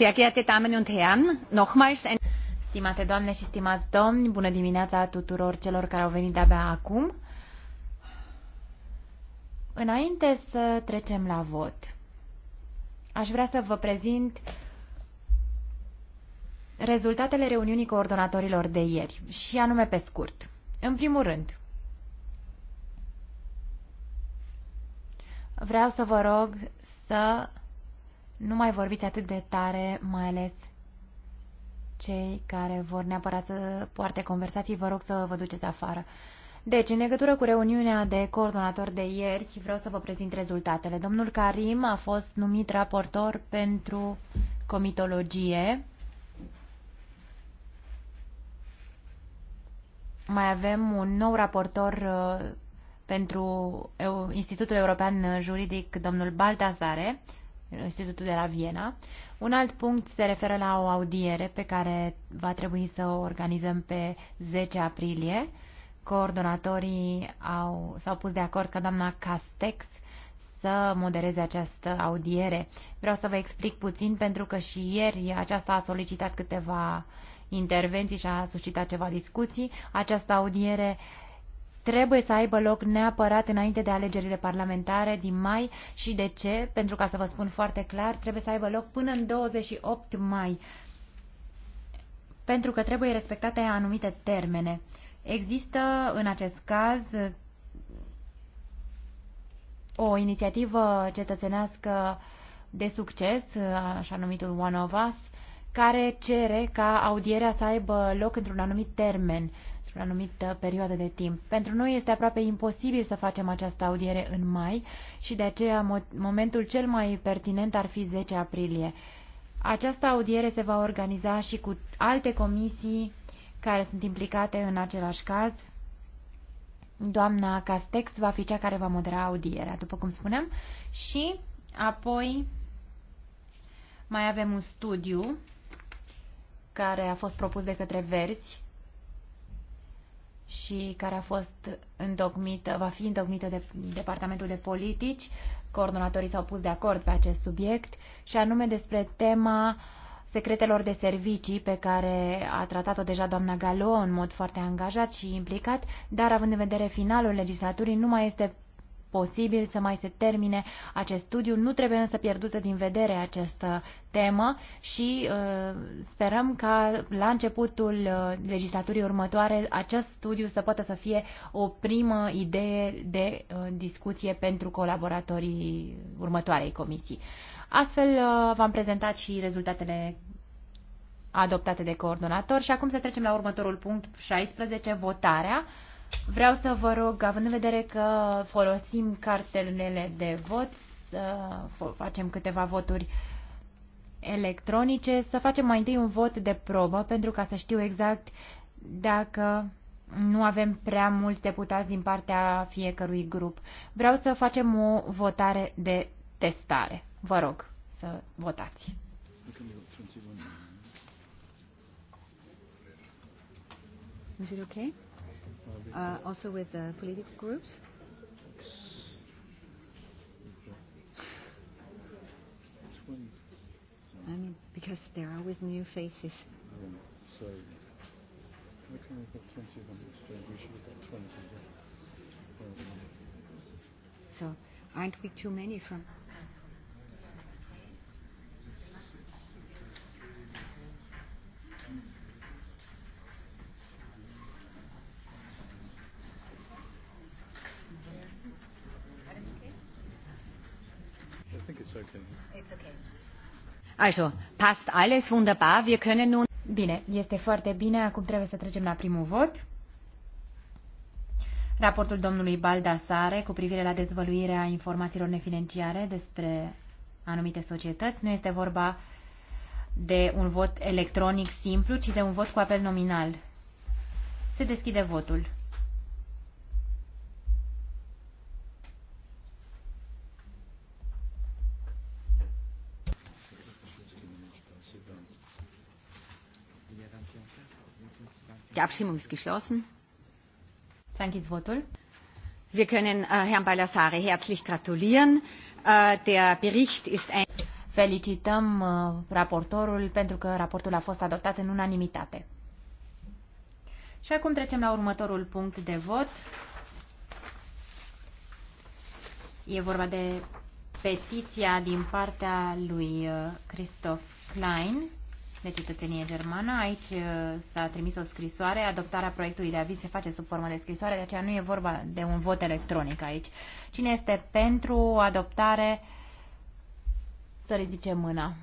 Sehr geehrte Damen und Herren, nochmals ein Stimate doamne și stimați domni, bună dimineața tuturor celor care au venit abia acum. Înainte să trecem la vot, aș vrea să vă prezint rezultatele reuniunii coordonatorilor de ieri, și anume pe scurt. În primul rând, vreau să vă rog să nu mai vorbiți atât de tare, mai ales cei care vor neapărat să poarte conversații, vă rog să vă duceți afară. Deci, în legătură cu reuniunea de coordonator de ieri, vreau să vă prezint rezultatele. Domnul Karim a fost numit raportor pentru comitologie. Mai avem un nou raportor uh, pentru Institutul European Juridic, domnul Baltazare, Institutul de la Viena. Un alt punct se referă la o audiere pe care va trebui să o organizăm pe 10 aprilie. Coordonatorii au, s-au pus de acord ca doamna Castex să modereze această audiere. Vreau să vă explic puțin pentru că și ieri aceasta a solicitat câteva intervenții și a suscitat ceva discuții. Această audiere uh, trebuie să aibă loc neapărat înainte de alegerile parlamentare din mai și de ce, pentru ca să vă spun foarte clar, trebuie să aibă loc până în 28 mai, pentru că trebuie respectate anumite termene. Există în acest caz o inițiativă cetățenească de succes, așa numitul One of Us, care cere ca audierea să aibă loc într-un anumit termen o anumită perioadă de timp. Pentru noi este aproape imposibil să facem această audiere în mai și de aceea momentul cel mai pertinent ar fi 10 aprilie. Această audiere se va organiza și cu alte comisii care sunt implicate în același caz. Doamna Castex va fi cea care va modera audierea, după cum spuneam, și apoi mai avem un studiu care a fost propus de către Verzi și care a fost întocmită, va fi întocmită de Departamentul de Politici. Coordonatorii s-au pus de acord pe acest subiect și anume despre tema secretelor de servicii pe care a tratat-o deja doamna Galo în mod foarte angajat și implicat, dar având în vedere finalul legislaturii nu mai este posibil să mai se termine acest studiu. Nu trebuie însă pierdută din vedere această temă și uh, sperăm ca la începutul uh, legislaturii următoare acest studiu să poată să fie o primă idee de uh, discuție pentru colaboratorii următoarei comisii. Astfel uh, v-am prezentat și rezultatele adoptate de coordonator și acum să trecem la următorul punct 16, votarea. Uh, Vreau să vă rog, având în vedere că folosim cartelele de vot, să facem câteva voturi electronice, să facem mai întâi un vot de probă pentru ca să știu exact dacă nu avem prea mulți deputați din partea fiecărui grup. Vreau să facem o votare de testare. Vă rog să votați. Is it okay? uh, also with the political groups? I mean, because there are always new faces. so, can put 20 exchange. We should have got 20. Yeah. So, aren't we too many from Also, passt alles wunderbar. Wir können nun... Bine, este foarte bine. Acum trebuie să trecem la primul vot. Raportul domnului Baldasare cu privire la dezvăluirea informațiilor nefinanciare despre anumite societăți. Nu este vorba de un vot electronic simplu, ci de un vot cu apel nominal. Se deschide votul. Abstimmung ist geschlossen. Wir können äh, Herrn Baldassare herzlich gratulieren. Äh, der Bericht ist ein Felicităm uh, raportorul pentru că raportul a fost adoptat în unanimitate. Și acum trecem la următorul punct de vot. E vorba de petiția din partea lui uh, Christoph Klein de cetățenie germană. Aici uh, s-a trimis o scrisoare. Adoptarea proiectului de aviz se face sub formă de scrisoare, de aceea nu e vorba de un vot electronic aici. Cine este pentru adoptare? Să ridice mâna.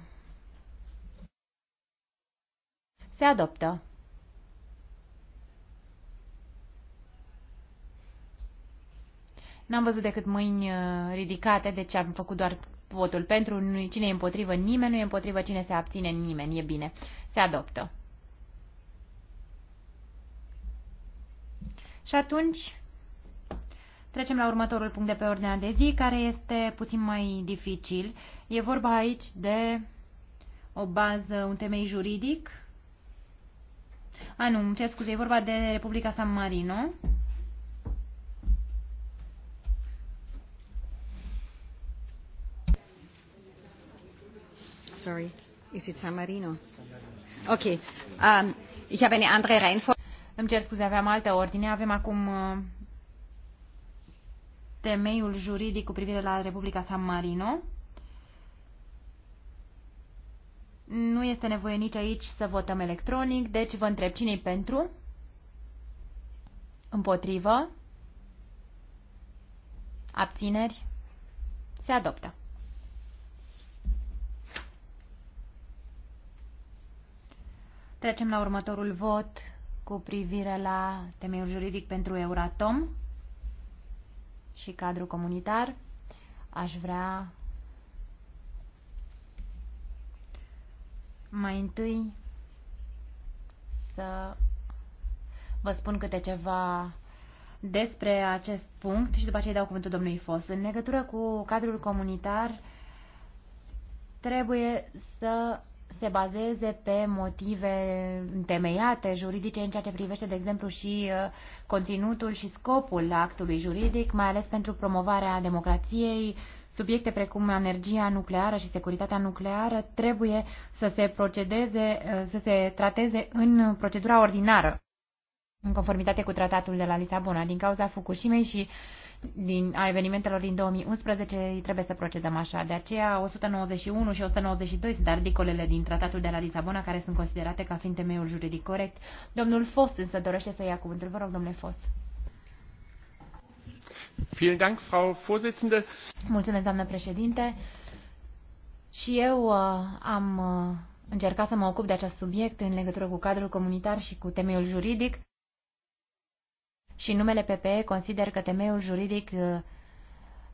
Se adoptă. N-am văzut decât mâini uh, ridicate, deci am făcut doar votul pentru, cine e împotrivă, nimeni nu e împotrivă, cine se abține, nimeni, e bine. Se adoptă. Și atunci trecem la următorul punct de pe ordinea de zi, care este puțin mai dificil. E vorba aici de o bază, un temei juridic. A, nu, ce scuze, e vorba de Republica San Marino. sorry. Is it San Marino? Ok, Um, ich habe eine andere Reihenfolge. Îmi cer scuze, aveam altă ordine. Avem acum uh, temeiul juridic cu privire la Republica San Marino. Nu este nevoie nici aici să votăm electronic, deci vă întreb cine pentru? Împotrivă? Abțineri? Se adoptă. Trecem la următorul vot cu privire la temeiul juridic pentru Euratom și cadrul comunitar. Aș vrea mai întâi să vă spun câte ceva despre acest punct și după aceea dau cuvântul domnului Fos. În legătură cu cadrul comunitar, trebuie să se bazeze pe motive întemeiate juridice în ceea ce privește, de exemplu, și uh, conținutul și scopul actului juridic, mai ales pentru promovarea democrației, subiecte precum energia nucleară și securitatea nucleară trebuie să se procedeze, uh, să se trateze în procedura ordinară, în conformitate cu tratatul de la Lisabona. Din cauza Fukushimei și din, a evenimentelor din 2011 trebuie să procedăm așa. De aceea 191 și 192 sunt articolele din Tratatul de la Lisabona care sunt considerate ca fiind temeiul juridic corect. Domnul Fos, însă dorește să ia cuvântul. Vă rog, domnule Fost. Mulțumesc, doamnă președinte. Și eu uh, am uh, încercat să mă ocup de acest subiect în legătură cu cadrul comunitar și cu temeiul juridic și numele PPE consider că temeiul juridic 91-93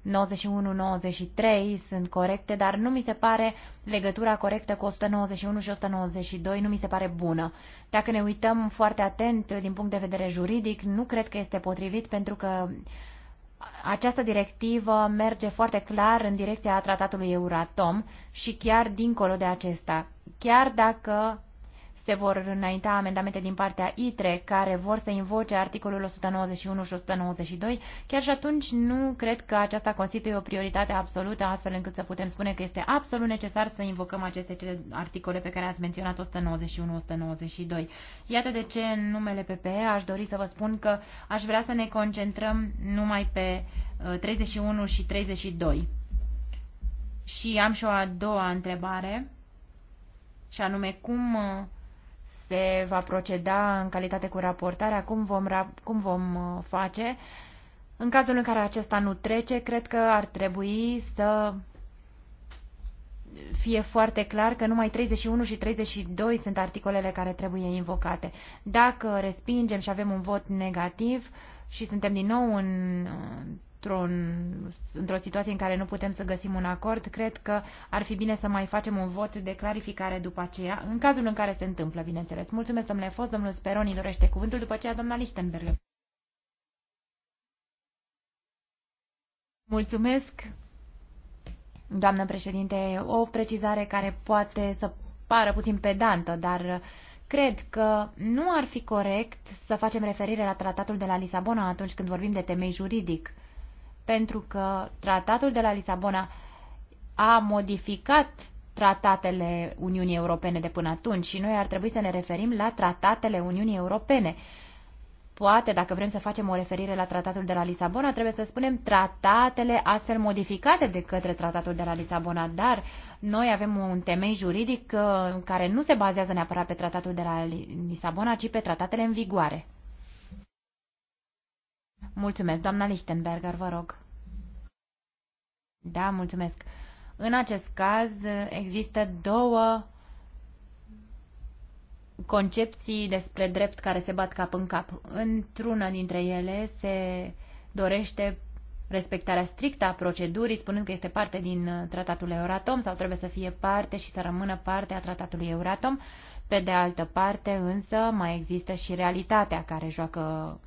uh, sunt corecte, dar nu mi se pare legătura corectă cu 191 și 192, nu mi se pare bună. Dacă ne uităm foarte atent uh, din punct de vedere juridic, nu cred că este potrivit pentru că această directivă merge foarte clar în direcția tratatului Euratom și chiar dincolo de acesta. Chiar dacă se vor înainta amendamente din partea ITRE care vor să invoce articolul 191 și 192. Chiar și atunci nu cred că aceasta constituie o prioritate absolută, astfel încât să putem spune că este absolut necesar să invocăm aceste articole pe care ați menționat 191-192. Iată de ce în numele PPE aș dori să vă spun că aș vrea să ne concentrăm numai pe 31 ă, și 32. Și am și o a doua întrebare, și anume cum ă, se va proceda în calitate cu raportarea, cum vom, rap- cum vom uh, face. În cazul în care acesta nu trece, cred că ar trebui să fie foarte clar că numai 31 și 32 sunt articolele care trebuie invocate. Dacă respingem și avem un vot negativ și suntem din nou în într-un, într-o situație în care nu putem să găsim un acord, cred că ar fi bine să mai facem un vot de clarificare după aceea, în cazul în care se întâmplă, bineînțeles. Mulțumesc, domnule fost, domnul Speroni dorește cuvântul, după aceea doamna Lichtenberg. Mulțumesc, doamnă președinte. O precizare care poate să pară puțin pedantă, dar cred că nu ar fi corect să facem referire la tratatul de la Lisabona atunci când vorbim de temei juridic pentru că tratatul de la Lisabona a modificat tratatele Uniunii Europene de până atunci și noi ar trebui să ne referim la tratatele Uniunii Europene. Poate, dacă vrem să facem o referire la tratatul de la Lisabona, trebuie să spunem tratatele astfel modificate de către tratatul de la Lisabona, dar noi avem un temei juridic uh, care nu se bazează neapărat pe tratatul de la Lisabona, ci pe tratatele în vigoare. Mulțumesc, doamna Lichtenberger, vă rog. Da, mulțumesc. În acest caz există două concepții despre drept care se bat cap în cap. Într-una dintre ele se dorește respectarea strictă a procedurii, spunând că este parte din tratatul Euratom sau trebuie să fie parte și să rămână parte a tratatului Euratom. Pe de altă parte, însă, mai există și realitatea care joacă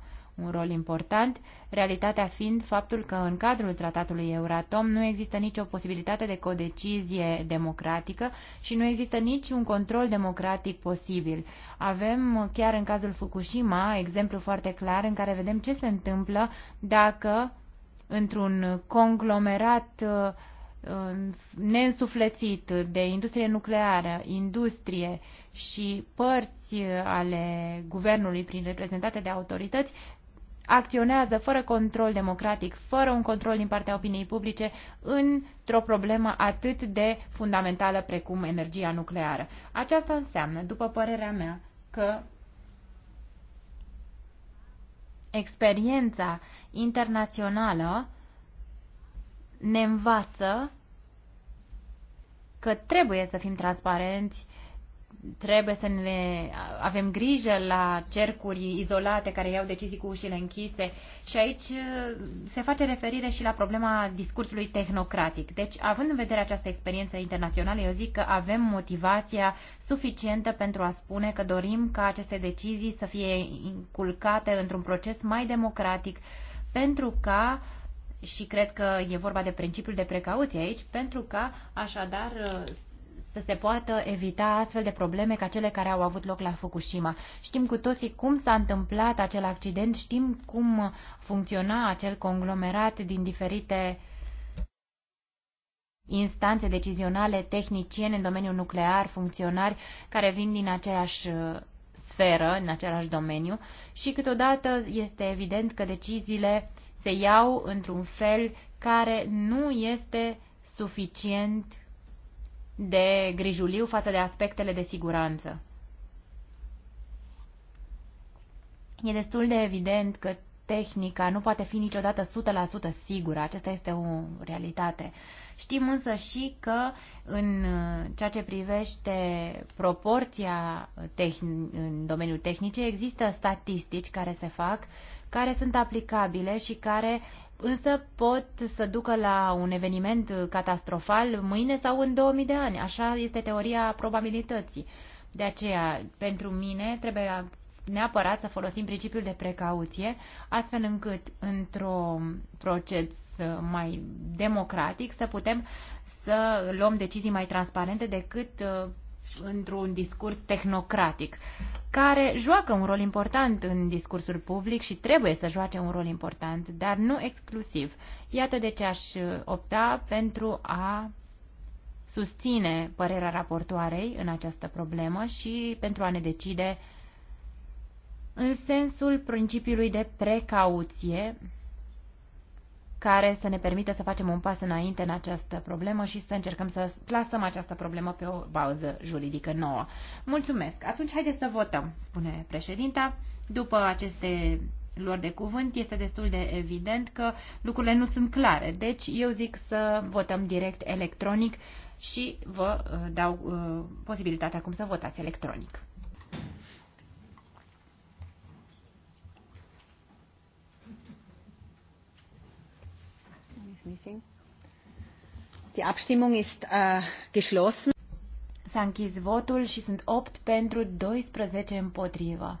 un rol important, realitatea fiind faptul că în cadrul tratatului Euratom nu există nicio posibilitate de codecizie democratică și nu există nici un control democratic posibil. Avem chiar în cazul Fukushima exemplu foarte clar în care vedem ce se întâmplă dacă într-un conglomerat uh, uh, neînsuflețit de industrie nucleară, industrie și părți ale guvernului prin reprezentate de autorități, acționează fără control democratic, fără un control din partea opiniei publice, într-o problemă atât de fundamentală precum energia nucleară. Aceasta înseamnă, după părerea mea, că experiența internațională ne învață că trebuie să fim transparenți trebuie să ne avem grijă la cercuri izolate care iau decizii cu ușile închise și aici uh, se face referire și la problema discursului tehnocratic. Deci, având în vedere această experiență internațională, eu zic că avem motivația suficientă pentru a spune că dorim ca aceste decizii să fie inculcate într-un proces mai democratic pentru ca și cred că e vorba de principiul de precauție aici, pentru ca așadar uh, să se poată evita astfel de probleme ca cele care au avut loc la Fukushima. Știm cu toții cum s-a întâmplat acel accident, știm cum funcționa acel conglomerat din diferite instanțe decizionale, tehnicieni în domeniul nuclear, funcționari care vin din aceeași uh, sferă, în același domeniu și câteodată este evident că deciziile se iau într-un fel care nu este suficient de grijuliu față de aspectele de siguranță. E destul de evident că tehnica nu poate fi niciodată 100% sigură, aceasta este o realitate. Știm însă și că în uh, ceea ce privește proporția în domeniul tehnicii există statistici care se fac, care sunt aplicabile și care însă pot să ducă la un eveniment catastrofal mâine sau în 2000 de ani. Așa este teoria probabilității. De aceea, pentru mine, trebuie neapărat să folosim principiul de precauție, astfel încât, într-un proces mai democratic, să putem să luăm decizii mai transparente decât într-un discurs tehnocratic, care joacă un rol important în discursul public și trebuie să joace un rol important, dar nu exclusiv. Iată de ce aș opta pentru a susține părerea raportoarei în această problemă și pentru a ne decide în sensul principiului de precauție care să ne permită să facem un pas înainte în această problemă și să încercăm să plasăm această problemă pe o bază juridică nouă. Mulțumesc! Atunci haideți să votăm, spune președinta. După aceste luări de cuvânt, este destul de evident că lucrurile nu sunt clare. Deci eu zic să votăm direct electronic și vă uh, dau uh, posibilitatea acum să votați electronic. meeting. Die Abstimmung ist uh, geschlossen. S-a închis votul și sunt 8 pentru 12 împotrivă.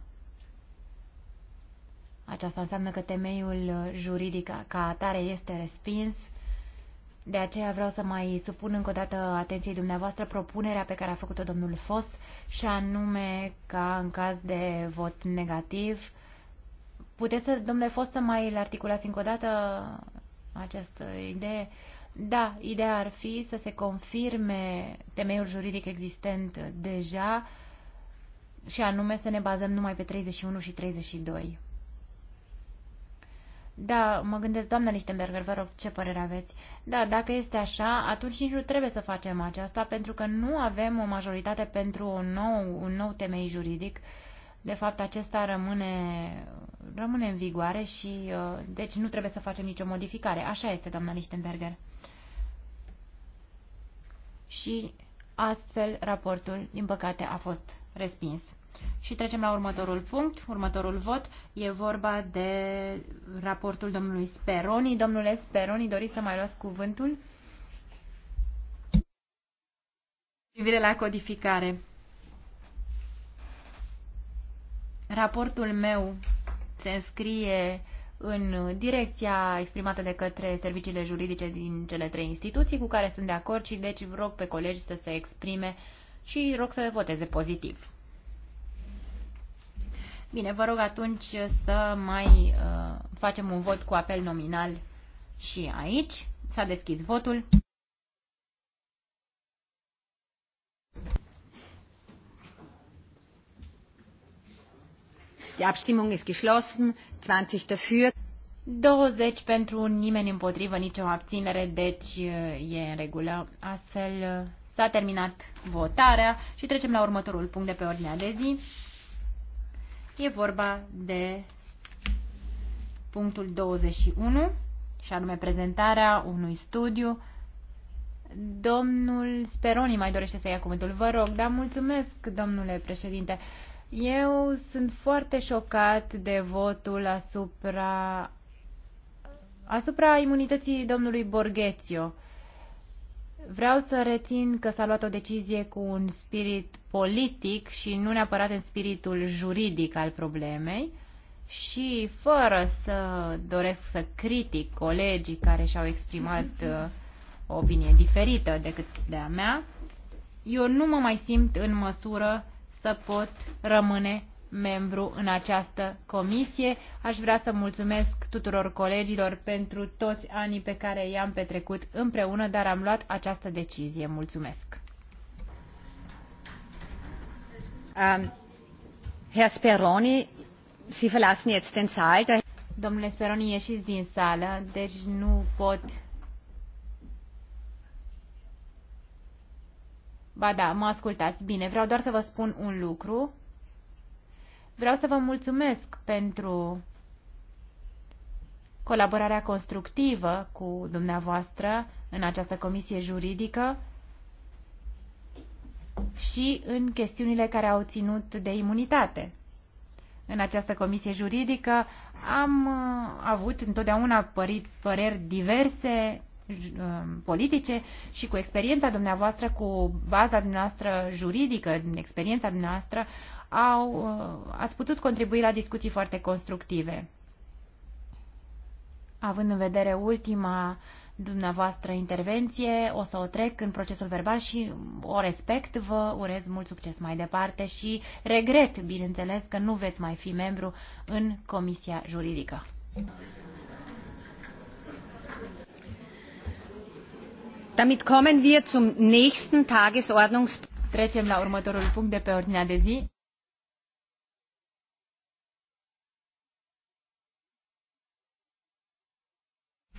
Aceasta înseamnă că temeiul juridic ca atare este respins. De aceea vreau să mai supun încă o dată atenției dumneavoastră propunerea pe care a făcut-o domnul Fos și anume ca în caz de vot negativ Puteți, domnule Fos să mai articulați încă o dată această idee. Da, ideea ar fi să se confirme temeiul juridic existent deja și anume să ne bazăm numai pe 31 și 32. Da, mă gândesc, doamna Lichtenberger, vă rog, ce părere aveți? Da, dacă este așa, atunci nici nu trebuie să facem aceasta, pentru că nu avem o majoritate pentru un nou, un nou temei juridic uh, de fapt, acesta rămâne, rămâne în vigoare și uh, deci nu trebuie să facem nicio modificare. Așa este, doamna Lichtenberger. Și astfel raportul, din păcate, a fost respins. Și trecem la următorul punct, următorul vot. E vorba de raportul domnului Speroni. Domnule Speroni, doriți să mai luați cuvântul? Privire la codificare. Raportul meu se înscrie în direcția exprimată de către serviciile juridice din cele trei instituții cu care sunt de acord și deci rog pe colegi să se exprime și rog să voteze pozitiv. Bine, vă rog atunci să mai uh, facem un vot cu apel nominal și aici. S-a deschis votul. Die Abstimmung ist geschlossen. 20 dafür. 20 pentru nimeni împotrivă, nicio abținere, deci uh, e în regulă. Astfel uh, s-a terminat votarea și trecem la următorul punct de pe ordinea de zi. E vorba de punctul 21 și anume prezentarea unui studiu. Domnul Speroni mai dorește să ia cuvântul. Vă rog, dar mulțumesc, domnule președinte. Uh, eu sunt foarte șocat de votul asupra, asupra imunității domnului Borghețiu. Vreau să rețin că s-a luat o decizie cu un spirit politic și nu neapărat în spiritul juridic al problemei și fără să doresc să critic colegii care și-au exprimat o uh, opinie diferită decât de a mea, eu nu mă mai simt în măsură să pot rămâne membru în această comisie. Aș vrea să mulțumesc tuturor colegilor pentru toți anii pe care i-am petrecut împreună, dar am luat această decizie. Mulțumesc! Um, Herr Speroni, Sie verlassen jetzt den Saal. Domnule Speroni, ieșiți din sală, deci nu pot Ba da, mă ascultați. Bine, vreau doar să vă spun un lucru. Vreau să vă mulțumesc pentru colaborarea constructivă cu dumneavoastră în această comisie juridică și în chestiunile care au ținut de imunitate. În această comisie juridică am uh, avut întotdeauna păreri diverse Um, politice și cu experiența dumneavoastră, cu baza dumneavoastră juridică, experiența dumneavoastră, au, uh, ați putut contribui la discuții foarte constructive. Având în vedere ultima dumneavoastră intervenție, o să o trec în procesul verbal și o respect, vă urez mult succes mai departe și regret, bineînțeles, că nu veți mai fi membru în Comisia Juridică. Damit kommen wir zum nächsten Tagesordnungspunkt. la punct de pe ordinea de zi.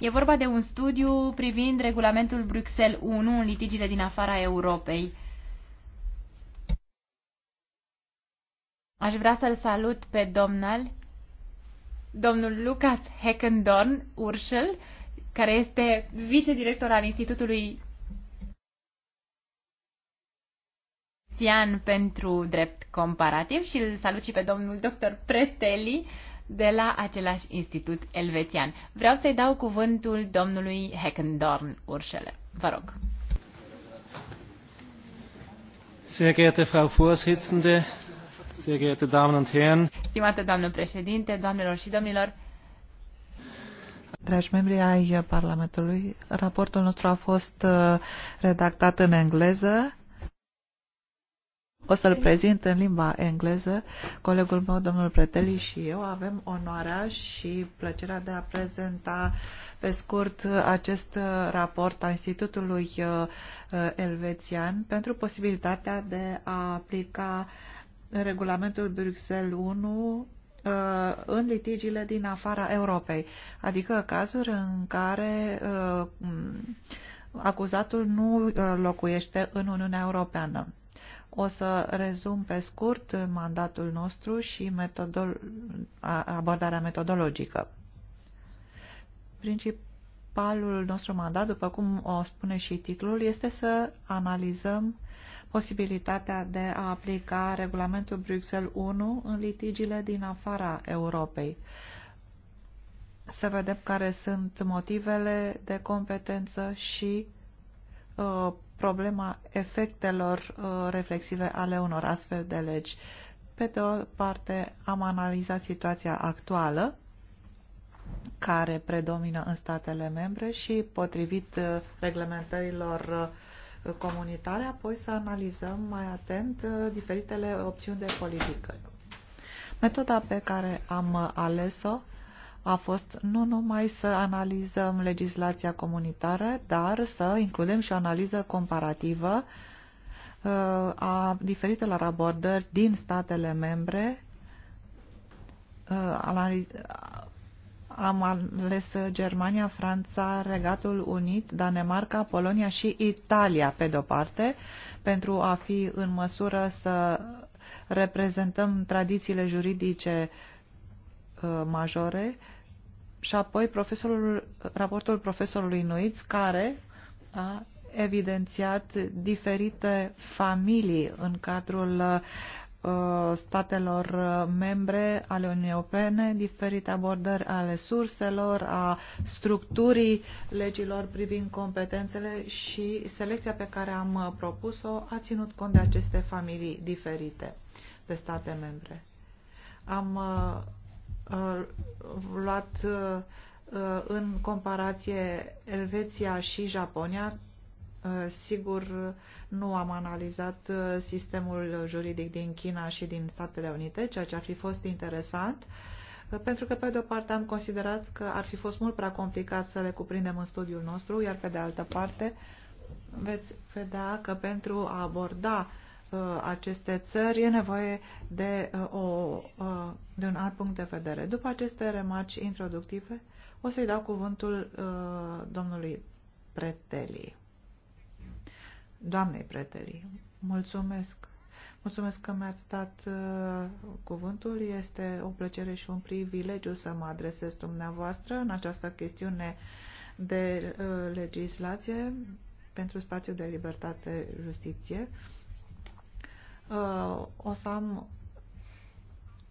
E vorba de un studiu privind regulamentul Bruxelles 1 în litigiile din afara Europei. Aș vrea să-l salut pe domnul, domnul Lucas Heckendorn Urschel, care este vicedirector al Institutului Sian pentru drept comparativ și îl salut și pe domnul dr. Preteli de la același institut elvețian. Vreau să-i dau cuvântul domnului Heckendorn Urșele. Vă rog. Sehr geehrte Frau Vorsitzende, sehr geehrte Damen und Herren. Stimate doamnă președinte, doamnelor și domnilor, Dragi membri ai Parlamentului, raportul nostru a fost uh, redactat în engleză. O să-l prezint în limba engleză. Colegul meu, domnul Preteli și eu avem onoarea și plăcerea de a prezenta pe scurt uh, acest uh, raport al Institutului Elvețian pentru posibilitatea de a aplica regulamentul Bruxelles 1 Uh, în litigiile din afara Europei, adică cazuri în care uh, mm, acuzatul nu uh, locuiește în Uniunea Europeană. O să rezum pe scurt mandatul nostru și metodo abordarea metodologică. Principalul nostru mandat, după cum o spune și titlul, este să analizăm posibilitatea de a aplica regulamentul Bruxelles 1 în litigiile din afara Europei. Să vedem care sunt motivele de competență și uh, problema efectelor uh, reflexive ale unor astfel de legi. Pe de o parte, am analizat situația actuală care predomină în statele membre și potrivit uh, reglementărilor uh, comunitare, apoi să analizăm mai atent uh, diferitele opțiuni de politică. Metoda pe care am ales-o a fost nu numai să analizăm legislația comunitară, dar să includem și o analiză comparativă uh, a diferitelor abordări din statele membre uh, am ales Germania, Franța, Regatul Unit, Danemarca, Polonia și Italia, pe de-o parte, pentru a fi în măsură să reprezentăm tradițiile juridice uh, majore și apoi profesorul, raportul profesorului Nuiț care a evidențiat diferite familii în cadrul uh, Uh, statelor uh, membre ale Uniunii Europene, diferite abordări ale surselor, a structurii legilor privind competențele și selecția pe care am uh, propus-o a ținut cont de aceste familii diferite de state membre. Am luat în comparație Elveția și Japonia, Eh, sigur, nu am analizat eh, sistemul juridic din China și din Statele Unite, ceea ce ar fi fost interesant, eh, pentru că, pe de-o parte, am considerat că ar fi fost mult prea complicat să le cuprindem în studiul nostru, iar, pe de altă parte, veți vedea că pentru a aborda aceste țări e nevoie de, o, de un alt punct de vedere. După aceste remarci introductive, o să-i dau cuvântul domnului Pretelii doamnei preterii. Mulțumesc! Mulțumesc că mi-ați dat uh, cuvântul. Este o plăcere și un privilegiu să mă adresez dumneavoastră în această chestiune de uh, legislație pentru spațiul de libertate justiție. Uh, o să am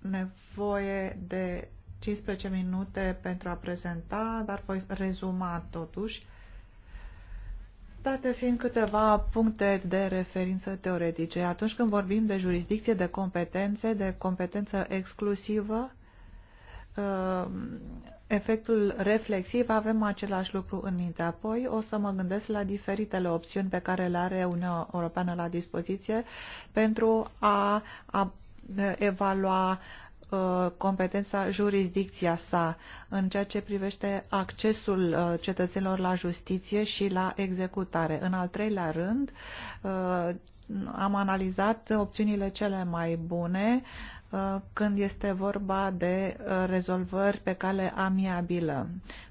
nevoie de 15 minute pentru a prezenta, dar voi rezuma totuși Date fiind câteva puncte de referință teoretice, atunci când vorbim de jurisdicție, de competențe, de competență exclusivă, uh, efectul reflexiv, avem același lucru în minte. Apoi o să mă gândesc la diferitele opțiuni pe care le are Uniunea Europeană la dispoziție pentru a, a evalua Uh, competența, jurisdicția sa în ceea ce privește accesul uh, cetățenilor la justiție și la executare. În al treilea rând, uh, am analizat opțiunile cele mai bune când este vorba de rezolvări pe cale amiabilă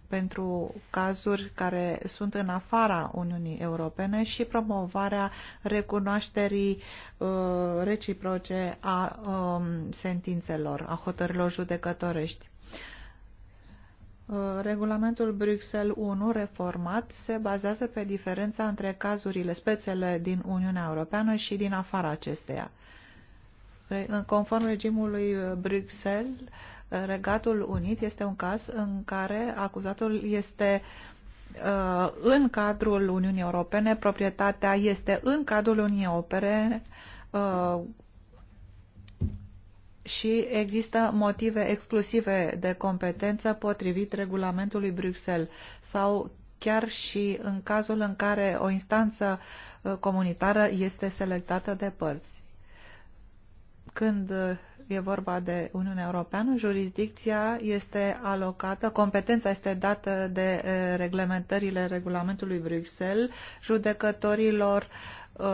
pentru cazuri care sunt în afara Uniunii Europene și promovarea recunoașterii uh, reciproce a um, sentințelor, a hotărilor judecătorești. Uh, regulamentul Bruxelles 1 reformat se bazează pe diferența între cazurile, spețele din Uniunea Europeană și din afara acesteia. Conform regimului uh, Bruxelles, uh, Regatul Unit este un caz în care acuzatul este uh, în cadrul Uniunii Europene, proprietatea este în cadrul Uniunii Europene și există motive exclusive de competență potrivit regulamentului Bruxelles sau chiar și în cazul în care o instanță comunitară este selectată de părți când uh, e vorba de Uniunea Europeană, jurisdicția este alocată, competența este dată de uh, reglementările regulamentului Bruxelles, judecătorilor uh,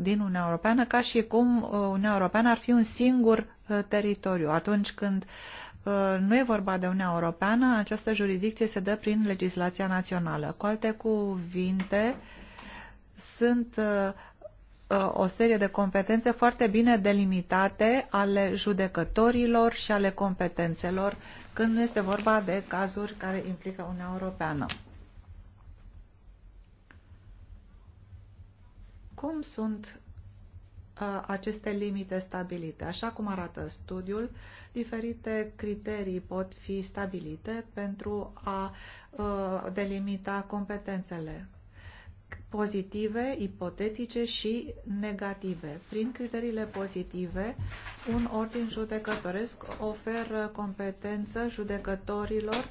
din Uniunea Europeană, ca și cum Uniunea Europeană ar fi un singur teritoriu. Atunci când nu e vorba de Uniunea Europeană, această jurisdicție se dă prin legislația națională. Cu alte cuvinte, sunt Uh, o serie de competențe foarte bine delimitate ale judecătorilor și ale competențelor când nu este vorba de cazuri care implică Uniunea Europeană. Cum sunt uh, aceste limite stabilite. Așa cum arată studiul, diferite criterii pot fi stabilite pentru a uh, delimita competențele pozitive, ipotetice și negative. Prin criteriile pozitive, un ordin judecătoresc oferă competență judecătorilor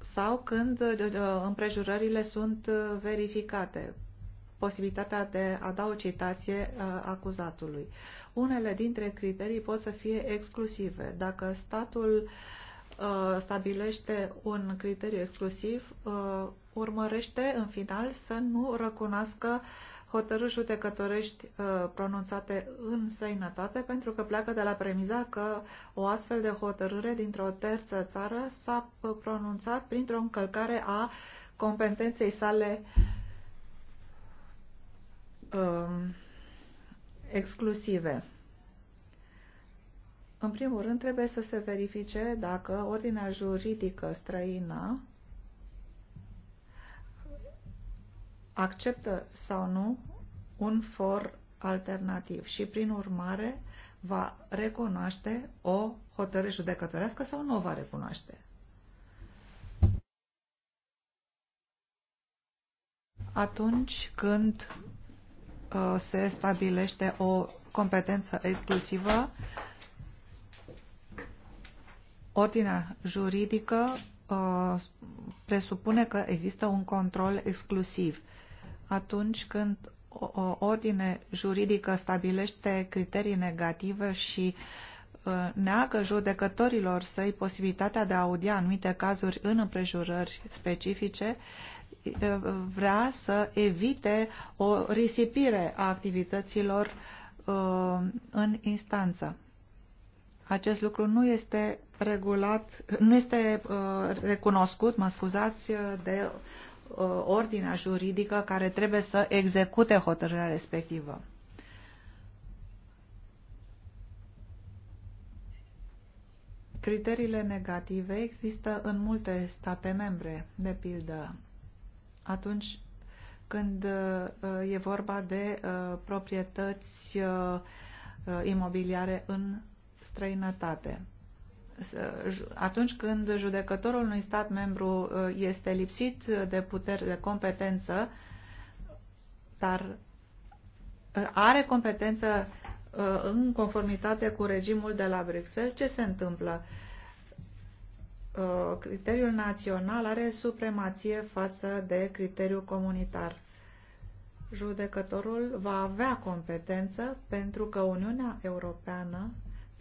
sau când uh, uh, împrejurările sunt uh, verificate, posibilitatea de a da o citație acuzatului. Unele dintre criterii pot să fie exclusive. Dacă statul uh, Uh, stabilește un criteriu exclusiv, uh, urmărește în final să nu recunoască hotărâri judecătorești uh, pronunțate în străinătate, pentru că pleacă de la premiza că o astfel de hotărâre dintr-o terță țară s-a pronunțat printr-o încălcare a competenței sale um, exclusive. În primul rând, trebuie să se verifice dacă ordinea juridică străină acceptă sau nu un for alternativ și, prin urmare, va recunoaște o hotărâre judecătorească sau nu o va recunoaște. Atunci când uh, se stabilește o competență exclusivă, Ordinea juridică uh, presupune că există un control exclusiv. Atunci când o, o ordine juridică stabilește criterii negative și uh, neagă judecătorilor săi posibilitatea de a audia anumite cazuri în împrejurări specifice, uh, vrea să evite o risipire a activităților uh, în instanță. Acest lucru nu este regulat, nu este uh, recunoscut, mă scuzați, uh, de uh, ordinea juridică care trebuie să execute hotărârea respectivă. Criteriile negative există în multe state membre, de pildă atunci când e vorba de proprietăți imobiliare în străinătate. Atunci când judecătorul unui stat membru uh, este lipsit de puteri de competență, dar uh, are competență uh, în conformitate cu regimul de la Bruxelles, ce se întâmplă? Criteriul național are supremație față de criteriul comunitar. Judecătorul va avea competență pentru că Uniunea Europeană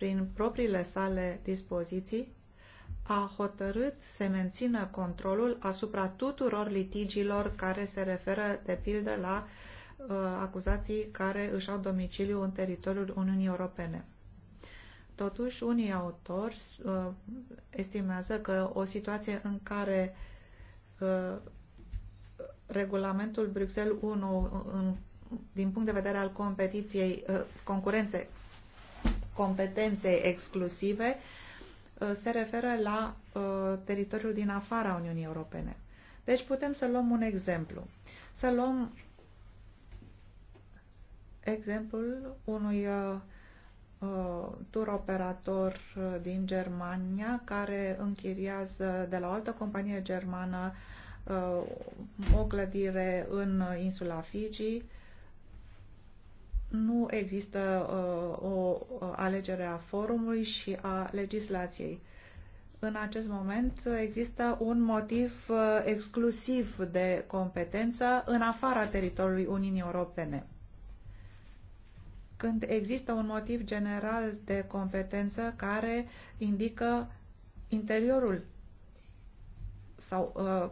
prin propriile sale dispoziții, a hotărât să mențină controlul asupra tuturor litigiilor care se referă, de pildă, la uh, acuzații care își au domiciliu în teritoriul Uniunii Europene. Totuși, unii autori uh, estimează că o situație în care uh, regulamentul Bruxelles 1 uh, în, din punct de vedere al competiției, uh, concurenței, competenței exclusive uh, se referă la uh, teritoriul din afara Uniunii Europene. Deci putem să luăm un exemplu. Să luăm exemplul unui uh, tur operator din Germania care închiriază de la o altă companie germană o clădire în insula Fiji nu există uh, o uh, alegere a forumului și a legislației. În acest moment uh, există un motiv uh, exclusiv de competență în afara teritoriului Uniunii Europene. Când există un motiv general de competență care indică interiorul sau uh,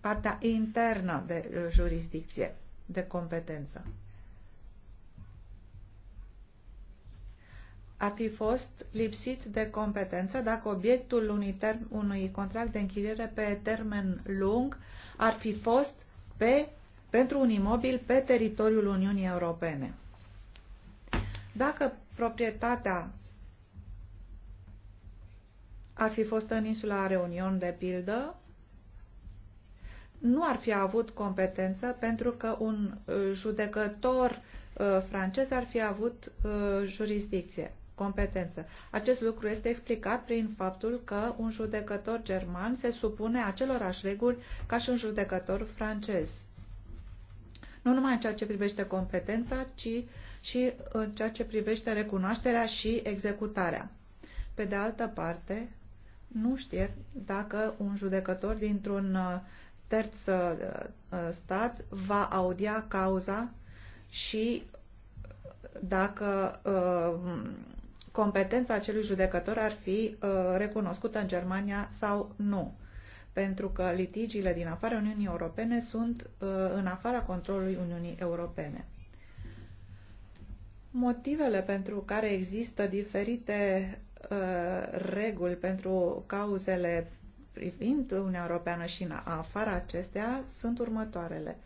partea internă de uh, jurisdicție de competență. ar fi fost lipsit de competență dacă obiectul unui, term, unui contract de închiriere pe termen lung ar fi fost pe, pentru un imobil pe teritoriul Uniunii Europene. Dacă proprietatea ar fi fost în insula Reunion, de pildă, nu ar fi avut competență pentru că un uh, judecător uh, francez ar fi avut uh, jurisdicție, competență. Acest lucru este explicat prin faptul că un judecător german se supune acelorași reguli ca și un judecător francez. Nu numai în ceea ce privește competența, ci și în ceea ce privește recunoașterea și executarea. Pe de altă parte, nu știe dacă un judecător dintr-un uh, terț uh, uh, stat va audia cauza și dacă uh, competența acelui judecător ar fi recunoscută în Germania sau nu. Pentru că litigiile din afara Uniunii Europene sunt în afara controlului Uniunii Europene. Motivele pentru care există diferite reguli pentru cauzele privind Uniunea Europeană și în afara acestea sunt următoarele.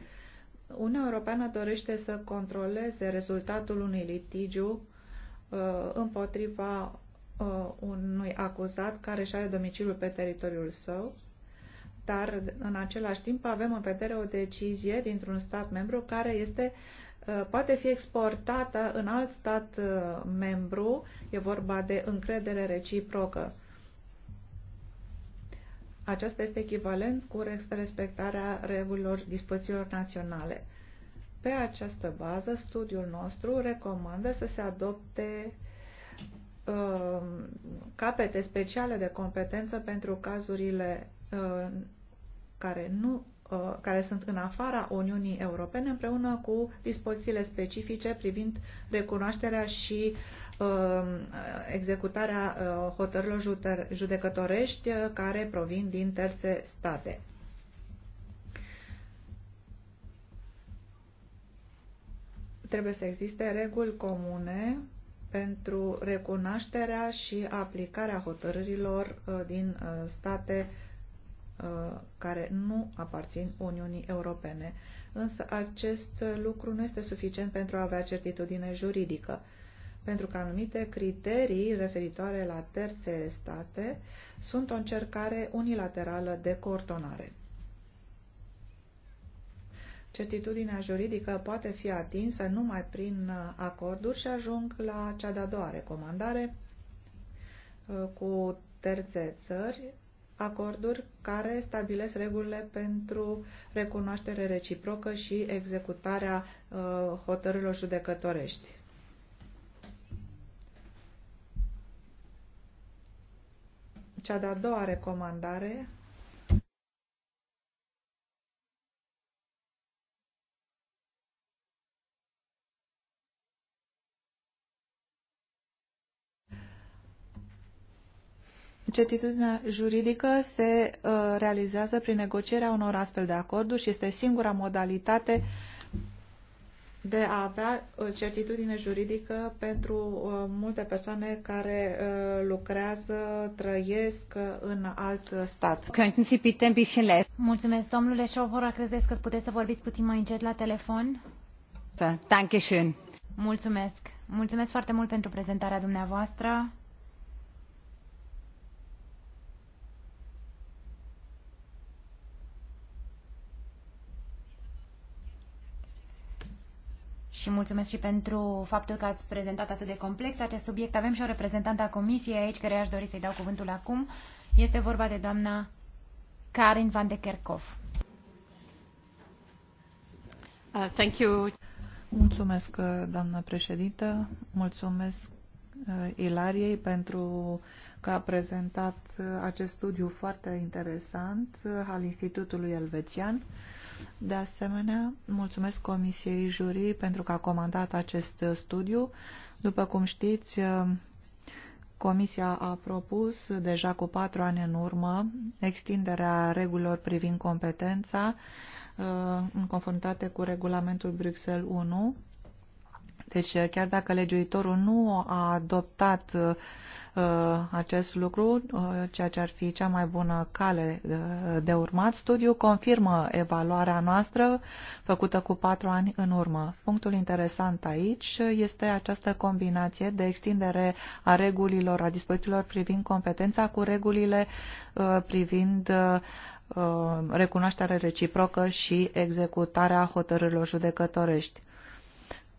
Uniunea Europeană dorește să controleze rezultatul unui litigiu uh, împotriva uh, unui acuzat care și are domiciliul pe teritoriul său, dar în același timp avem în vedere o decizie dintr-un stat membru care este uh, poate fi exportată în alt stat membru, e vorba de încredere reciprocă. Aceasta este echivalent cu respectarea regulilor dispozițiilor naționale. Pe această bază, studiul nostru recomandă să se adopte uh, capete speciale de competență pentru cazurile uh, care nu Uh, care sunt în afara Uniunii Europene împreună cu dispozițiile specifice privind recunoașterea și um, executarea uh, hotărârilor judecătorești uh, care provin din terțe state. Trebuie să existe reguli comune pentru recunoașterea și aplicarea hotărârilor din state Uh, care nu aparțin Uniunii Europene. Însă acest lucru nu este suficient pentru a avea certitudine juridică, pentru că anumite criterii referitoare la terțe state sunt o încercare unilaterală de coordonare. Certitudinea juridică poate fi atinsă numai prin uh, acorduri și ajung la cea de-a doua recomandare uh, cu terțe țări acorduri care stabilesc regulile pentru recunoaștere reciprocă și executarea uh, hotărârilor judecătorești. Cea de-a doua recomandare Certitudinea juridică se uh, realizează prin negocierea unor astfel de acorduri și este singura modalitate de a avea uh, certitudine juridică pentru uh, multe persoane care lucrează, trăiesc în alt stat. Mulțumesc, domnule Șovora. Credeți că puteți să vorbiți puțin mai încet la telefon? Mulțumesc. Mulțumesc foarte mult pentru prezentarea dumneavoastră. și mulțumesc și pentru faptul că ați prezentat atât de complex acest subiect. Avem și o reprezentantă a comisiei aici, care aș dori să-i dau cuvântul acum. Este vorba de doamna Karin van de Kerkhoff. Uh, thank you. Mulțumesc, uh, doamnă președintă. Mulțumesc uh, Ilariei pentru că a prezentat acest studiu foarte interesant al Institutului Elvețian. De asemenea, mulțumesc Comisiei Jurii pentru că a comandat acest studiu. După cum știți, Comisia a propus deja cu patru ani în urmă extinderea regulilor privind competența uh, în conformitate cu regulamentul Bruxelles 1 deci, eh, chiar dacă legiuitorul nu a adoptat eh, eh, acest lucru, ceea ce ar fi cea mai bună cale de urmat, studiul confirmă evaluarea noastră făcută cu patru ani în urmă. Punctul interesant aici este această combinație de extindere a regulilor, a dispozițiilor privind competența cu regulile privind recunoașterea reciprocă și executarea hotărârilor judecătorești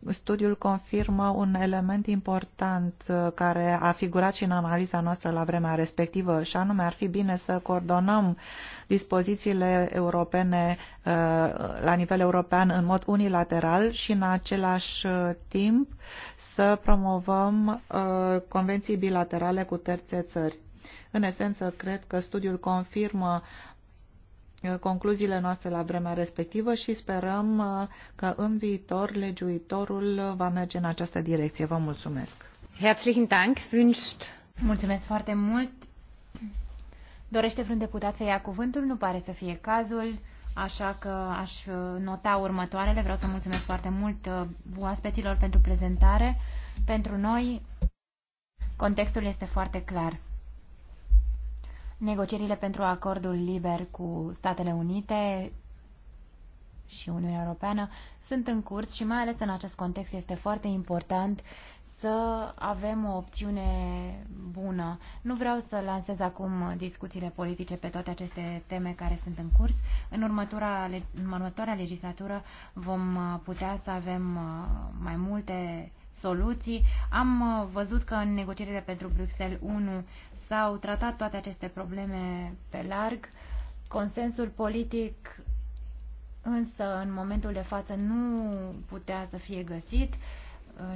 studiul confirmă un element important uh, care a figurat și în analiza noastră la vremea respectivă și anume ar fi bine să coordonăm dispozițiile europene uh, la nivel european în mod unilateral și în același uh, timp să promovăm convenții bilaterale cu terțe țări. În esență, cred că studiul confirmă Uh, concluziile noastre la vremea respectivă și sperăm uh, că în viitor legiuitorul uh, va merge în această direcție. Vă mulțumesc! Herzlichen Dank, wünscht. Mulțumesc foarte mult! Dorește vreun deputat să ia cuvântul? Nu pare să fie cazul, așa că aș nota următoarele. Vreau să mulțumesc foarte mult oaspeților pentru prezentare. Pentru noi, contextul este foarte clar. Negocierile pentru acordul liber cu Statele Unite și Uniunea Europeană sunt în curs și mai ales în acest context este foarte important să avem o opțiune bună. Nu vreau să lansez acum discuțiile politice pe toate aceste teme care sunt în curs. În, următoarea, în următoarea legislatură vom putea să avem uh, mai multe soluții. Am uh, văzut că în negocierile pentru Bruxelles 1 s-au tratat toate aceste probleme pe larg. Consensul politic însă în momentul de față nu putea să fie găsit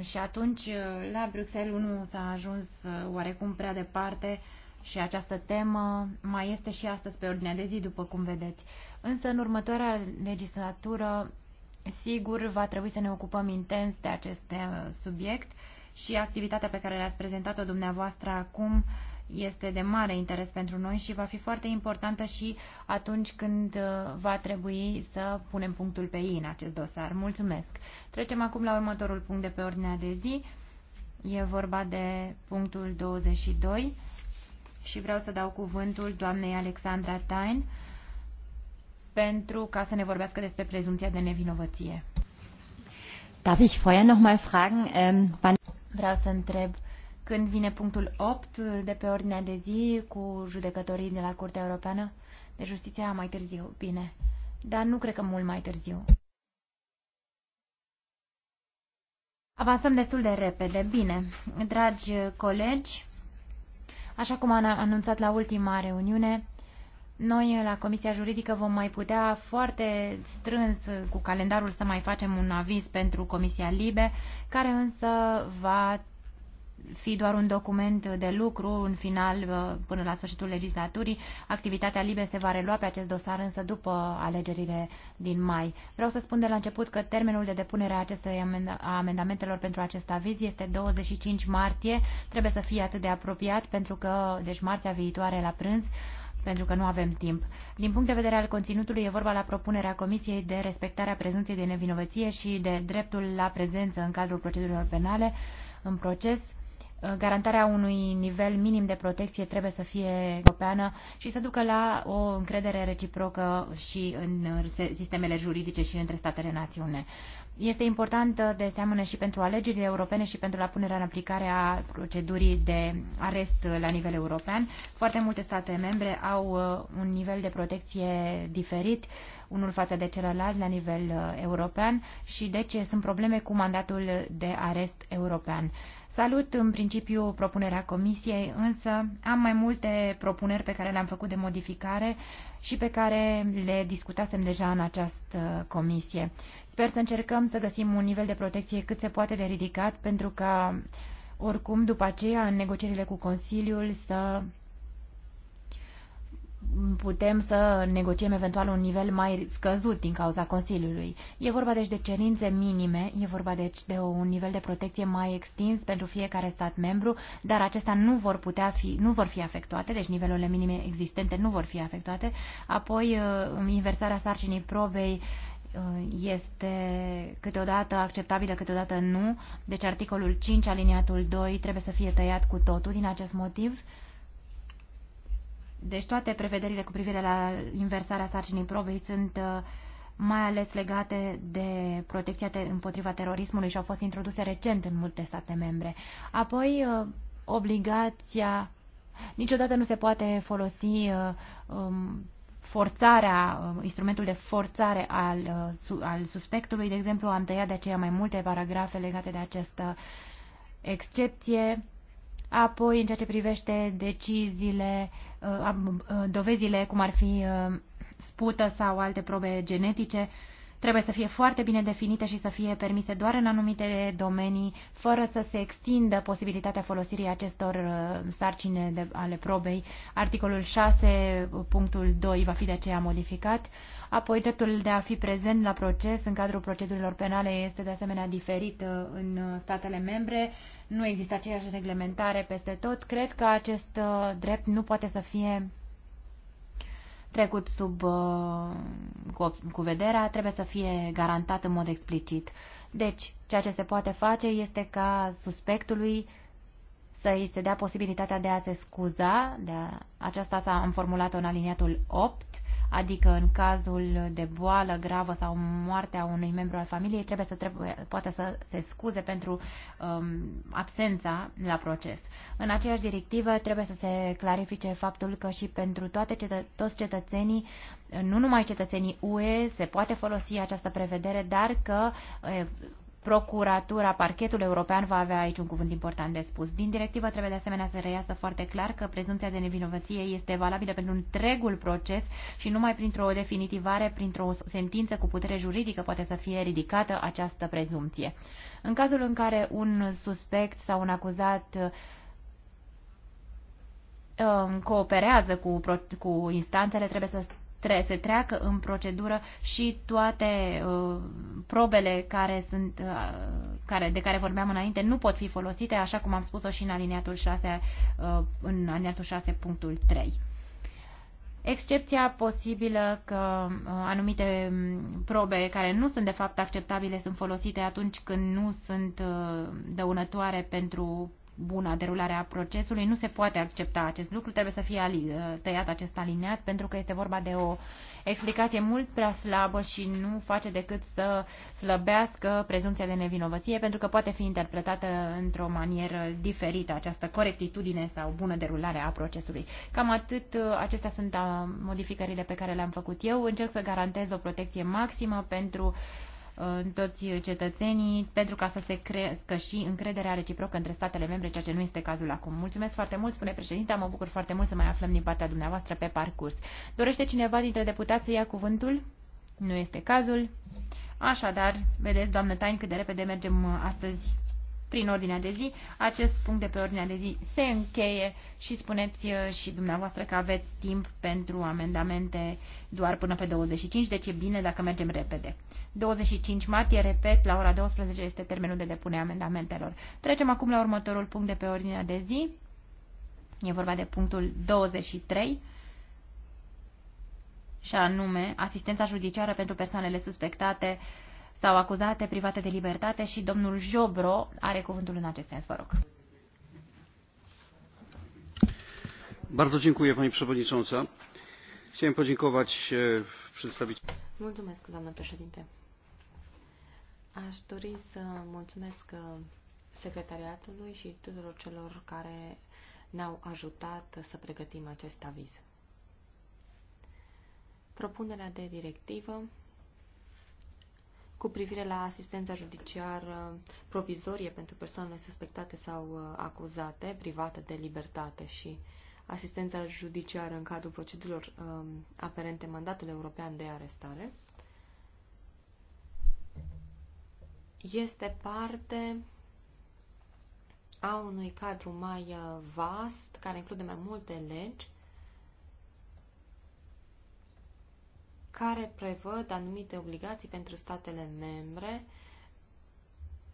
și atunci la Bruxelles 1 s-a ajuns uh, oarecum prea departe și această temă mai este și astăzi pe ordinea de zi, după cum vedeți. Însă în următoarea legislatură sigur va trebui să ne ocupăm intens de acest uh, subiect și activitatea pe care le-ați prezentat-o dumneavoastră acum uh, este de mare interes pentru noi și va fi foarte importantă și atunci când uh, va trebui să punem punctul pe ei în acest dosar. Mulțumesc! Trecem acum la următorul punct de pe ordinea de zi. E vorba de punctul 22 și vreau să dau cuvântul doamnei Alexandra Tain pentru ca să ne vorbească despre prezumția de nevinovăție. Darf ich vorher noch mal fragen, ähm, wann Vreau să întreb când vine punctul 8 de pe ordinea de zi cu judecătorii de la Curtea Europeană de Justiție, mai târziu, bine. Dar nu cred că mult mai târziu. Avansăm destul de repede. Bine, dragi colegi, așa cum am anunțat la ultima reuniune, noi la Comisia Juridică vom mai putea foarte strâns cu calendarul să mai facem un aviz pentru Comisia Libe, care însă va fi doar un document de lucru în final uh, până la sfârșitul legislaturii. Activitatea LIBE se va relua pe acest dosar însă după alegerile din mai. Vreau să spun de la început că termenul de depunere a acestei amendamentelor pentru acest aviz este 25 martie. Trebuie să fie atât de apropiat pentru că, deci marțea viitoare la prânz, pentru că nu avem timp. Din punct de vedere al conținutului, e vorba la propunerea Comisiei de respectarea prezunției de nevinovăție și de dreptul la prezență în cadrul procedurilor penale în proces Uh, garantarea unui nivel minim de protecție trebuie să fie europeană și să ducă la o încredere reciprocă și în sistemele juridice și între statele națiune. Este important uh, de seamănă și pentru alegerile europene și pentru la punerea în aplicare a procedurii de arest uh, la nivel european. Foarte multe state membre au un nivel de protecție diferit, unul față de celălalt la nivel european și deci sunt probleme cu mandatul de arest european. Salut în principiu propunerea comisiei, însă am mai multe propuneri pe care le-am făcut de modificare și pe care le discutasem deja în această comisie. Sper să încercăm să găsim un nivel de protecție cât se poate de ridicat pentru că oricum după aceea în negocierile cu Consiliul să putem să negociem eventual un nivel mai scăzut din cauza Consiliului. E vorba deci de cerințe minime, e vorba deci de un nivel de protecție mai extins pentru fiecare stat membru, dar acestea nu vor putea fi, nu vor fi afectate, deci nivelurile minime existente nu vor fi afectate. Apoi, uh, inversarea sarcinii probei uh, este câteodată acceptabilă, câteodată nu. Deci articolul 5, aliniatul 2, trebuie să fie tăiat cu totul din acest motiv. Deci toate prevederile cu privire la inversarea sarcinii probei sunt uh, mai ales legate de protecția împotriva terorismului și au fost introduse recent în multe state membre. Apoi, uh, obligația... Niciodată nu se poate folosi uh, um, forțarea, instrumentul de forțare al, al suspectului. De exemplu, am tăiat de aceea mai multe paragrafe legate de această excepție Apoi, în ceea ce privește deciziile, uh, uh, dovezile, cum ar fi uh, spută sau alte probe genetice, trebuie să fie foarte bine definite și să fie permise doar în anumite domenii, fără să se extindă posibilitatea folosirii acestor uh, sarcine de, ale probei. Articolul 6.2 punctul va fi de aceea modificat. Apoi, dreptul de a fi prezent la proces în cadrul procedurilor penale este de asemenea diferit uh, în statele membre. Nu există aceeași reglementare peste tot. Cred că acest uh, drept nu poate să fie trecut sub uh, cu, cu vederea trebuie să fie garantat în mod explicit. Deci, ceea ce se poate face este ca suspectului să îi se dea posibilitatea de a se scuza, de a, aceasta s-a formulat în aliniatul 8, adică în cazul de boală gravă sau moartea unui membru al familiei, trebuie să trebuie, poate să se scuze pentru um, absența la proces. În aceeași directivă trebuie să se clarifice faptul că și pentru toate cetă, toți cetățenii, nu numai cetățenii UE, se poate folosi această prevedere, dar că Procuratura, parchetul european va avea aici un cuvânt important de spus. Din directivă trebuie de asemenea să reiasă foarte clar că prezumția de nevinovăție este valabilă pentru întregul proces și numai printr-o definitivare, printr-o sentință cu putere juridică poate să fie ridicată această prezumție. În cazul în care un suspect sau un acuzat um, cooperează cu, cu instanțele, trebuie să trebuie să treacă în procedură și toate uh, probele care sunt, uh, care, de care vorbeam înainte nu pot fi folosite, așa cum am spus-o și în aliniatul 6, uh, în aliniatul 6.3. Excepția posibilă că uh, anumite um, probe care nu sunt de fapt acceptabile sunt folosite atunci când nu sunt uh, dăunătoare pentru bună derulare a procesului. Nu se poate accepta acest lucru, trebuie să fie ă, tăiat acest alineat pentru că este vorba de o explicație mult prea slabă și nu face decât să slăbească prezumția de nevinovăție pentru că poate fi interpretată într-o manieră diferită această corectitudine sau bună derulare a procesului. Cam atât, ă, acestea sunt ă, modificările pe care le-am făcut eu. Încerc să garantez o protecție maximă pentru uh, toți cetățenii pentru ca să se crească și încrederea reciprocă între statele membre, ceea ce nu este cazul acum. Mulțumesc foarte mult, spune președinta, mă bucur foarte mult să mai aflăm din partea dumneavoastră pe parcurs. Dorește cineva dintre deputați să ia cuvântul? Nu este cazul. Așadar, vedeți, doamnă Tain, cât de repede mergem uh, astăzi prin ordinea de zi. Acest punct de pe ordinea de zi se încheie și spuneți uh, și dumneavoastră că aveți timp pentru amendamente doar până pe 25, deci e bine dacă mergem repede. 25 martie, repet, la ora 12 este termenul de depune amendamentelor. Trecem acum la următorul punct de pe ordinea de zi. E vorba de punctul 23 și anume asistența judiciară pentru persoanele suspectate uh, sau acuzate private de libertate și domnul Jobro are cuvântul în acest sens. Vă rog. Bardzo dziękuję Pani Przewodnicząca. Chciałem podziękować przedstawicielom. Mulțumesc, doamnă președinte. Aș dori să mulțumesc secretariatului și tuturor celor care ne-au ajutat să pregătim acest aviz. Propunerea de directivă cu privire la asistența judiciară provizorie pentru persoanele suspectate sau uh, acuzate, privată de libertate și asistența judiciară în cadrul procedurilor um, aferente mandatului european de arestare, este parte a unui cadru mai uh, vast, care include mai multe legi, care prevăd anumite obligații pentru statele membre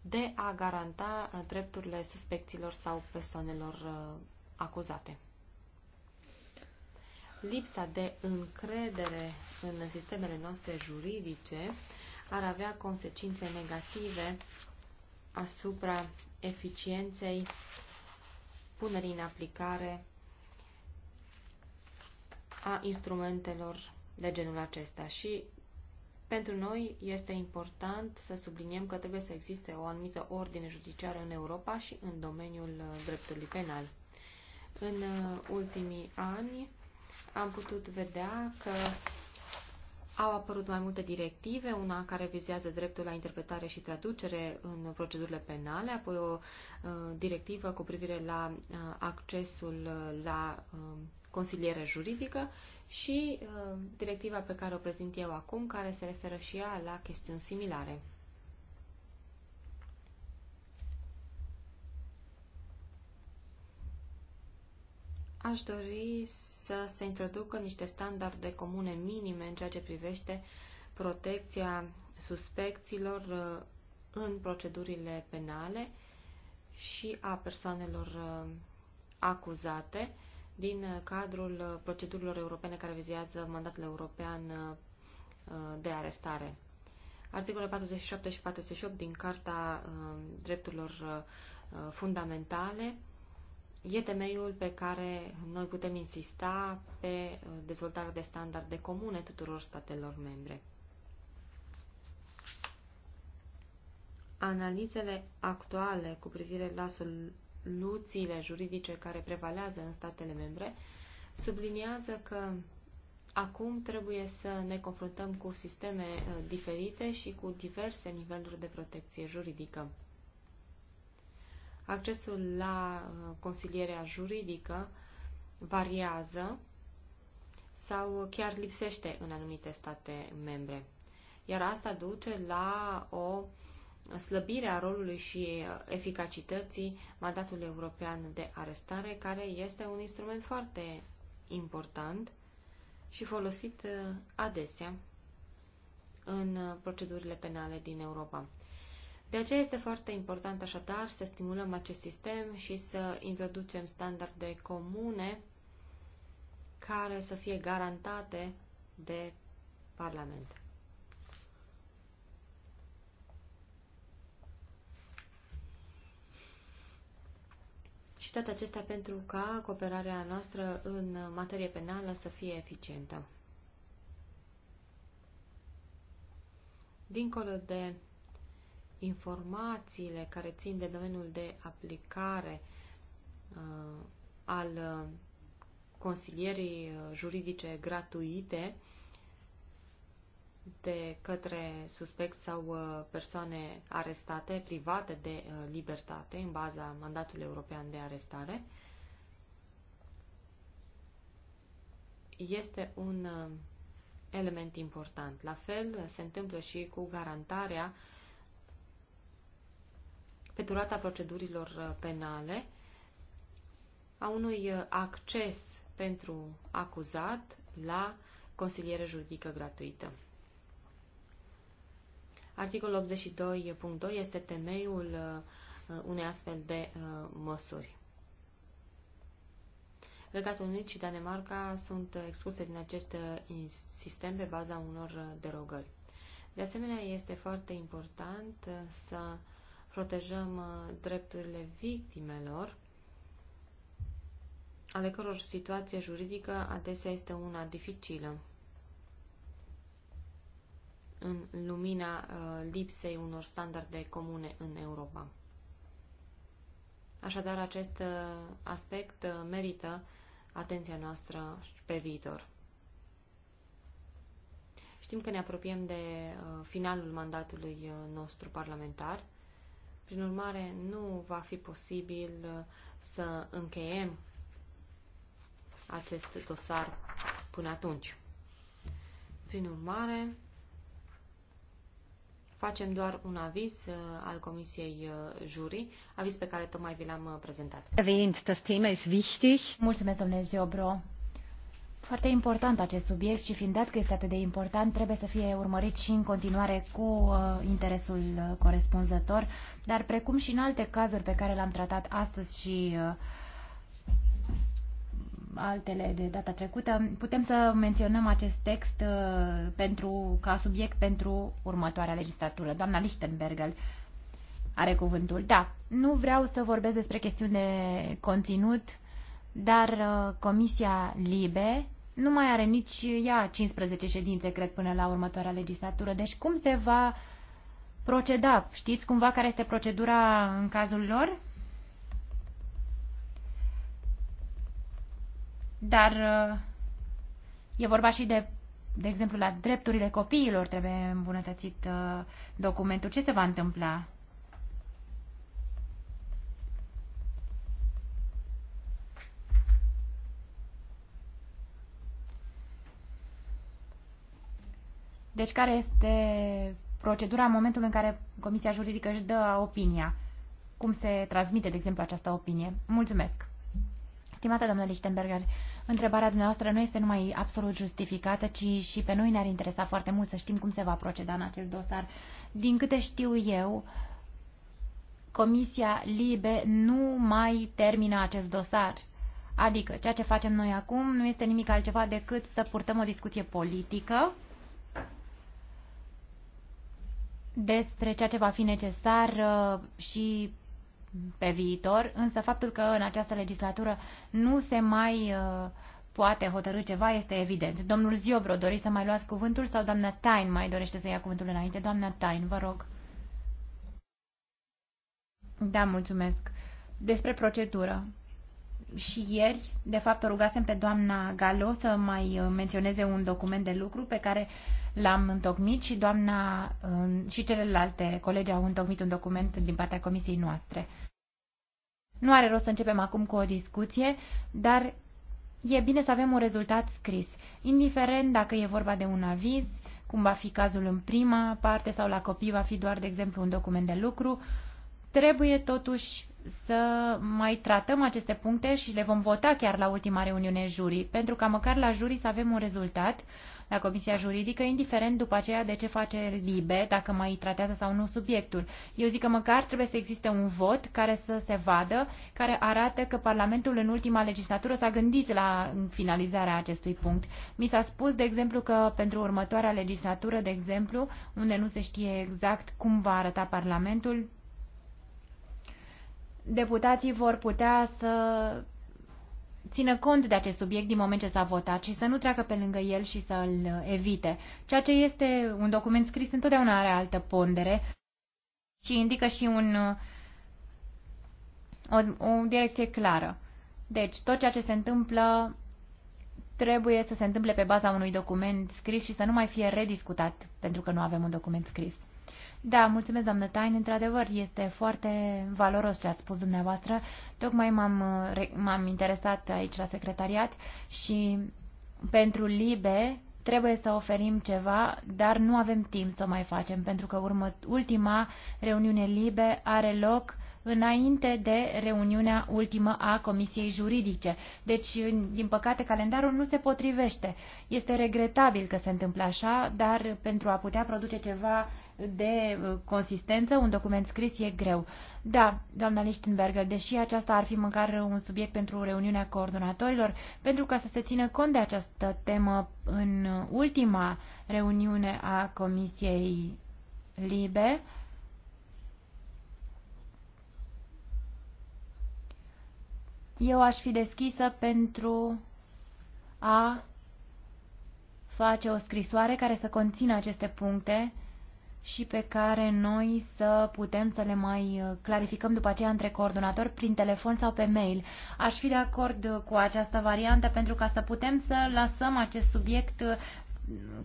de a garanta uh, drepturile suspecților sau persoanelor uh, acuzate. Lipsa de încredere în sistemele noastre juridice ar avea consecințe negative asupra eficienței punerii în aplicare a instrumentelor de genul acesta și pentru noi este important să subliniem că trebuie să existe o anumită ordine judiciară în Europa și în domeniul uh, dreptului penal. În uh, ultimii ani am putut vedea că au apărut mai multe directive, una care vizează dreptul la interpretare și traducere în procedurile penale, apoi o uh, directivă cu privire la accesul la consiliere juridică și uh, directiva pe care o prezint eu acum, care se referă și ea la chestiuni similare. Aș dori să se introducă niște standarde comune minime în ceea ce privește protecția suspecților uh, în procedurile penale și a persoanelor uh, acuzate, din uh, cadrul uh, procedurilor europene care vizează mandatul european uh, de arestare. Articolele 47 și 48 din Carta Drepturilor Fundamentale e temeiul pe care noi putem insista pe dezvoltarea de standarde comune tuturor statelor membre. Analizele actuale cu privire la evoluțiile juridice care prevalează în statele membre, subliniază că acum trebuie să ne confruntăm cu sisteme uh, diferite și cu diverse niveluri de protecție juridică. Accesul la uh, consilierea juridică variază sau chiar lipsește în anumite state membre. Iar asta duce la o uh, slăbirea rolului și eficacității mandatului european de arestare, care este un instrument foarte important și folosit uh, adesea în uh, procedurile penale din Europa. De aceea este foarte important așadar să stimulăm acest sistem și să introducem standarde comune care să fie garantate de Parlament. toate acestea pentru ca cooperarea noastră în materie penală să fie eficientă. Dincolo de informațiile care țin de domeniul de aplicare uh, al uh, consilierii uh, juridice gratuite, uh, de către suspect sau uh, persoane arestate, private de uh, libertate, în baza mandatului european de arestare, este un uh, element important. La fel se întâmplă și cu garantarea pe durata procedurilor penale a unui acces pentru acuzat la consiliere juridică gratuită. Articolul 82.2 este temeiul uh, unei astfel de uh, măsuri. Regatul Unit și Danemarca sunt excluse din acest uh, sistem pe baza unor derogări. De asemenea, este foarte important să protejăm drepturile victimelor, ale căror situație juridică adesea este una dificilă în lumina uh, lipsei unor standarde comune în Europa. Așadar, acest uh, aspect uh, merită atenția noastră pe viitor. Știm că ne apropiem de finalul mandatului nostru parlamentar. Prin urmare, nu va fi posibil să încheiem acest dosar până atunci. Prin urmare, facem doar un aviz uh, al Comisiei uh, Juri, aviz pe care tocmai vi l-am uh, prezentat. Erwähnt, das Thema ist wichtig. Mulțumesc, domnule Ziobro. Foarte important acest subiect și fiind dat că este atât de important, trebuie să fie urmărit și în continuare cu uh, interesul uh, corespunzător, dar precum și în alte cazuri pe care le-am tratat astăzi și uh, altele de data trecută, putem să menționăm acest text uh, pentru, ca subiect pentru următoarea legislatură. Doamna Lichtenbergel are cuvântul. Da, nu vreau să vorbesc despre chestiune de conținut, dar uh, Comisia Libe nu mai are nici ea 15 ședințe, cred, până la următoarea legislatură. Deci cum se va proceda? Știți cumva care este procedura în cazul lor? Dar uh, e vorba și de, de exemplu, la drepturile copiilor trebuie îmbunătățit uh, documentul. Ce se va întâmpla? Deci care este procedura în momentul în care Comisia Juridică își dă opinia? Cum se transmite, de exemplu, această opinie? Mulțumesc! Stimată doamnă Lichtenberger, Întrebarea dumneavoastră nu este numai absolut justificată, ci și pe noi ne-ar interesa foarte mult să știm cum se va proceda în acest dosar. Din câte știu eu, Comisia Libe nu mai termină acest dosar. Adică, ceea ce facem noi acum nu este nimic altceva decât să purtăm o discuție politică despre ceea ce va fi necesar uh, și pe viitor, însă faptul că în această legislatură nu se mai uh, poate hotărâ ceva este evident. Domnul Ziobro, doriți să mai luați cuvântul sau doamna Tain mai dorește să ia cuvântul înainte? Doamna Tain, vă rog. Da, mulțumesc. Despre procedură și ieri, de fapt, o rugasem pe doamna Galo să mai uh, menționeze un document de lucru pe care l-am întocmit și doamna uh, și celelalte colegi au întocmit un document din partea comisiei noastre. Nu are rost să începem acum cu o discuție, dar e bine să avem un rezultat scris, indiferent dacă e vorba de un aviz, cum va fi cazul în prima parte sau la copii va fi doar, de exemplu, un document de lucru, Trebuie totuși să mai tratăm aceste puncte și le vom vota chiar la ultima reuniune jurii, pentru ca măcar la jurii să avem un rezultat la Comisia Juridică, indiferent după aceea de ce face LIBE, dacă mai tratează sau nu subiectul. Eu zic că măcar trebuie să existe un vot care să se vadă, care arată că Parlamentul în ultima legislatură s-a gândit la finalizarea acestui punct. Mi s-a spus, de exemplu, că pentru următoarea legislatură, de exemplu, unde nu se știe exact cum va arăta Parlamentul, deputații vor putea să țină cont de acest subiect din moment ce s-a votat și să nu treacă pe lângă el și să îl evite. Ceea ce este un document scris întotdeauna are altă pondere și indică și un, o, o direcție clară. Deci, tot ceea ce se întâmplă trebuie să se întâmple pe baza unui document scris și să nu mai fie rediscutat pentru că nu avem un document scris. Da, mulțumesc, doamnă Tain. Într-adevăr, este foarte valoros ce ați spus dumneavoastră. Tocmai m-am, m-am interesat aici la secretariat și pentru LIBE trebuie să oferim ceva, dar nu avem timp să o mai facem, pentru că urmă, ultima reuniune LIBE are loc înainte de reuniunea ultimă a Comisiei Juridice. Deci, din păcate, calendarul nu se potrivește. Este regretabil că se întâmplă așa, dar pentru a putea produce ceva de uh, consistență, un document scris e greu. Da, doamna Lichtenberger, deși aceasta ar fi măcar un subiect pentru reuniunea coordonatorilor, pentru ca să se țină cont de această temă în ultima reuniune a Comisiei Libe, eu aș fi deschisă pentru a face o scrisoare care să conțină aceste puncte și pe care noi să putem să le mai uh, clarificăm după aceea între coordonatori prin telefon sau pe mail. Aș fi de acord cu această variantă pentru ca să putem să lăsăm acest subiect uh,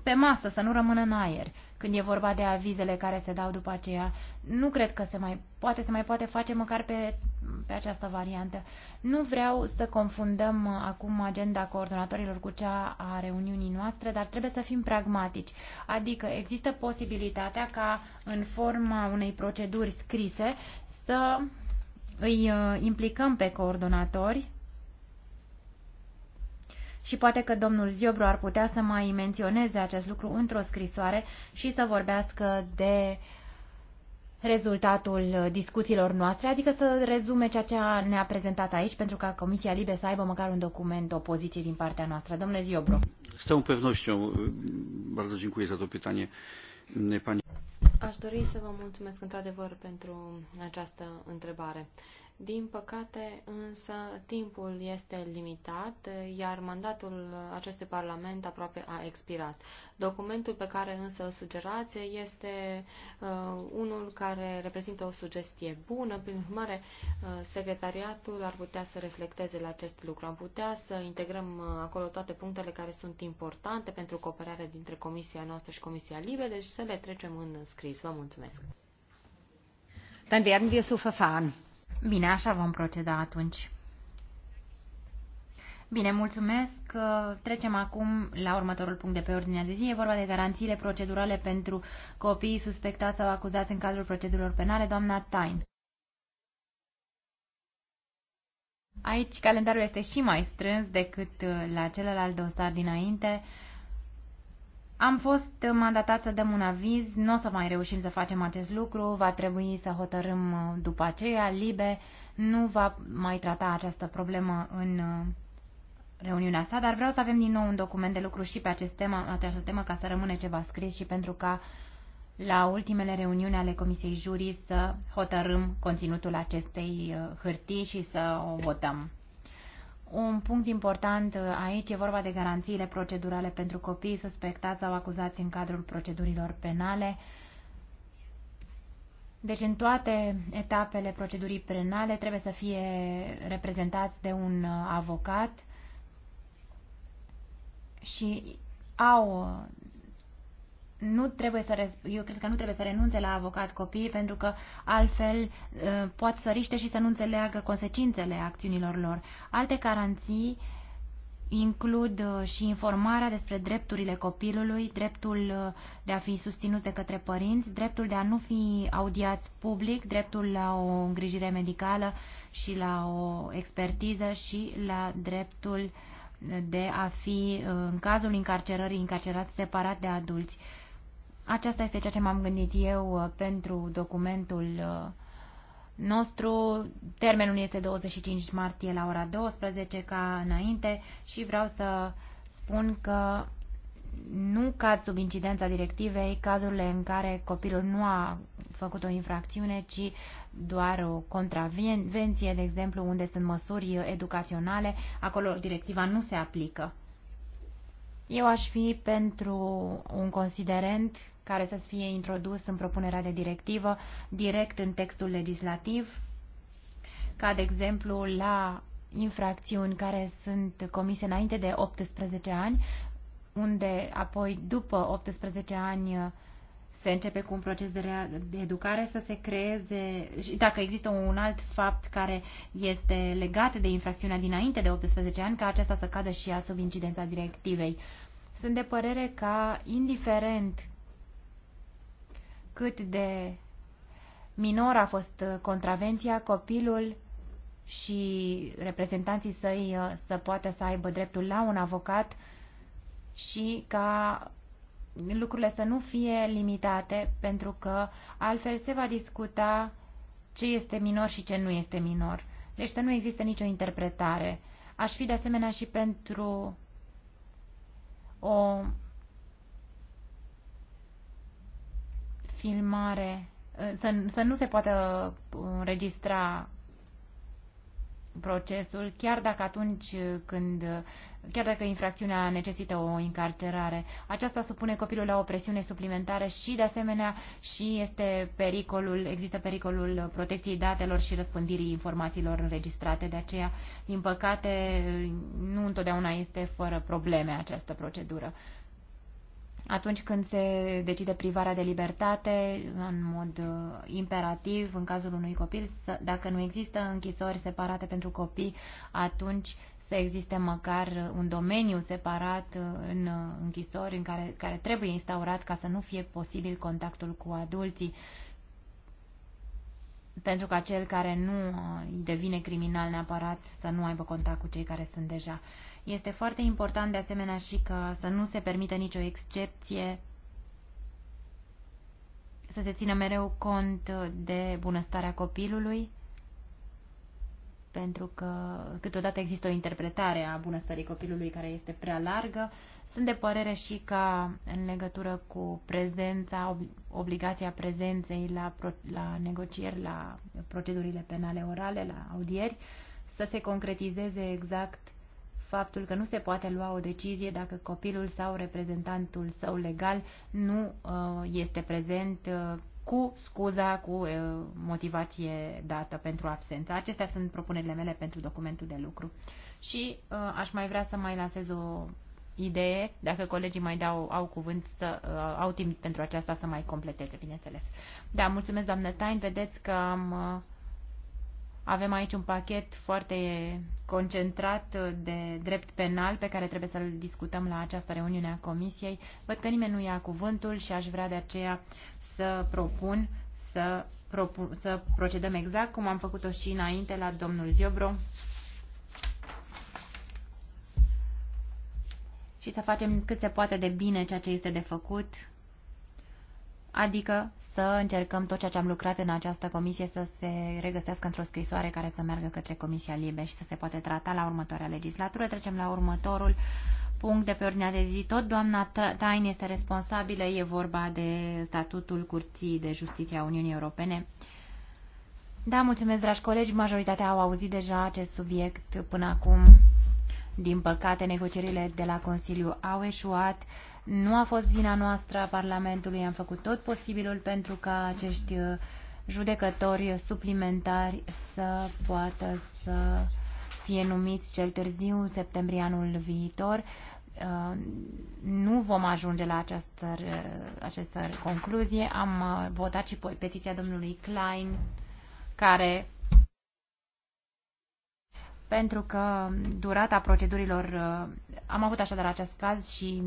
pe masă, să nu rămână în aer. Când e vorba de avizele care se dau după aceea, nu cred că se mai poate, se mai poate face măcar pe, pe această variantă. Nu vreau să confundăm uh, acum agenda coordonatorilor cu cea a reuniunii noastre, dar trebuie să fim pragmatici. Adică există posibilitatea ca în forma unei proceduri scrise să îi uh, implicăm pe coordonatori și poate că domnul Ziobru ar putea să mai menționeze acest lucru într-o scrisoare și să vorbească de rezultatul discuțiilor noastre, adică să rezume ceea ce ne-a prezentat aici, pentru ca Comisia Libe să aibă măcar un document, o poziție din partea noastră. Domnule Ziobro. Z całą pewnością bardzo dziękuję za to pytanie. Pani... Aș dori să vă mulțumesc într-adevăr pentru această întrebare. Din păcate, însă, timpul este limitat, iar mandatul acestui Parlament aproape a expirat. Documentul pe care însă îl sugerați este uh, unul care reprezintă o sugestie bună, prin urmare, uh, secretariatul ar putea să reflecteze la acest lucru. Am putea să integrăm uh, acolo toate punctele care sunt importante pentru cooperarea dintre Comisia noastră și Comisia Libe, deci să le trecem în scris. Vă mulțumesc! Dann werden wir so verfahren. Bine, așa vom proceda atunci. Bine, mulțumesc. Trecem acum la următorul punct de pe ordinea de zi. E vorba de garanțiile procedurale pentru copiii suspectați sau acuzați în cadrul procedurilor penale. Doamna Tain. Aici calendarul este și mai strâns decât uh, la celălalt dosar dinainte. Am fost mandatat să dăm un aviz, nu o să mai reușim să facem acest lucru, va trebui să hotărâm uh, după aceea, Libe nu va mai trata această problemă în uh, reuniunea sa, dar vreau să avem din nou un document de lucru și pe acest temă, această temă ca să rămâne ceva scris și pentru ca la ultimele reuniuni ale Comisiei Jurii să hotărâm conținutul acestei uh, hârtii și să o votăm. Un punct important uh, aici e vorba de garanțiile procedurale pentru copii suspectați sau acuzați în cadrul procedurilor penale. Deci în toate etapele procedurii penale trebuie să fie reprezentați de un uh, avocat și au uh, nu trebuie să, eu cred că nu trebuie să renunțe la avocat copiii, pentru că altfel ă, pot să riște și să nu înțeleagă consecințele acțiunilor lor. Alte garanții includ ă, și informarea despre drepturile copilului, dreptul ă, de a fi susținut de către părinți, dreptul de a nu fi audiați public, dreptul la o îngrijire medicală și la o expertiză și la dreptul de a fi, în cazul încarcerării, încarcerat separat de adulți. Aceasta este ceea ce m-am gândit eu uh, pentru documentul uh, nostru. Termenul este 25 martie la ora 12 ca înainte și vreau să spun că nu cad sub incidența directivei cazurile în care copilul nu a făcut o infracțiune, ci doar o contravenție, de exemplu, unde sunt măsuri educaționale, acolo directiva nu se aplică. Eu aș fi pentru un considerent care să fie introdus în propunerea de directivă direct în textul legislativ, ca de exemplu la infracțiuni care sunt comise înainte de 18 ani, unde apoi după 18 ani se începe cu un proces de, de educare să se creeze și dacă există un alt fapt care este legat de infracțiunea dinainte de 18 ani, ca acesta să cadă și ea sub incidența directivei. Sunt de părere ca, indiferent cât de minor a fost uh, contravenția, copilul și reprezentanții săi uh, să poată să aibă dreptul la un avocat și ca lucrurile să nu fie limitate, pentru că altfel se va discuta ce este minor și ce nu este minor. Deci să nu există nicio interpretare. Aș fi de asemenea și pentru o filmare, să, să nu se poată uh, înregistra procesul, chiar dacă atunci când, uh, chiar dacă infracțiunea necesită o încarcerare. Aceasta supune copilul la o presiune suplimentară și, de asemenea, și este pericolul, există pericolul protecției datelor și răspândirii informațiilor înregistrate, de aceea, din păcate, nu întotdeauna este fără probleme această procedură atunci când se decide privarea de libertate în mod uh, imperativ în cazul unui copil, dacă nu există închisori separate pentru copii, atunci să existe măcar un domeniu separat uh, în uh, închisori în care, care trebuie instaurat ca să nu fie posibil contactul cu adulții pentru ca cel care nu devine criminal neapărat să nu aibă contact cu cei care sunt deja. Este foarte important de asemenea și că să nu se permită nicio excepție, să se țină mereu cont de bunăstarea copilului, pentru că câteodată există o interpretare a bunăstării copilului care este prea largă. Sunt de părere și ca în legătură cu prezența, obligația prezenței la, pro, la negocieri, la procedurile penale orale, la audieri, să se concretizeze exact faptul că nu se poate lua o decizie dacă copilul sau reprezentantul său legal nu uh, este prezent uh, cu scuza, cu uh, motivație dată pentru absență. Acestea sunt propunerile mele pentru documentul de lucru. Și aș mai vrea să mai lansez o idee, dacă colegii mai dau, au cuvânt, să, au timp pentru aceasta să mai completeze, bineînțeles. Da, mulțumesc, doamnă Tain, vedeți că am avem aici un pachet foarte concentrat uh, de drept penal pe care trebuie să-l discutăm la această reuniune a Comisiei. Văd că nimeni nu ia cuvântul și aș vrea de aceea să propun să, propun, să procedăm exact cum am făcut-o și înainte la domnul Ziobro și să facem cât se poate de bine ceea ce este de făcut, adică să încercăm tot ceea ce am lucrat în această comisie să se regăsească într-o scrisoare care să meargă către Comisia Libe și să se poate trata la următoarea legislatură. Trecem la următorul punct de pe ordinea de zi. Tot doamna Tain este responsabilă, e vorba de statutul Curții de Justiție a Uniunii Europene. Da, mulțumesc, dragi colegi, majoritatea au auzit deja acest subiect până acum. Din păcate, negocierile de la Consiliu au eșuat. Nu a fost vina noastră a Parlamentului, am făcut tot posibilul pentru ca acești uh, judecători suplimentari să poată să fie numiți cel târziu, în septembrie anul viitor. Uh, nu vom ajunge la această, uh, această concluzie. Am votat și petiția domnului Klein, care pentru că durata procedurilor, uh, am avut așadar acest caz și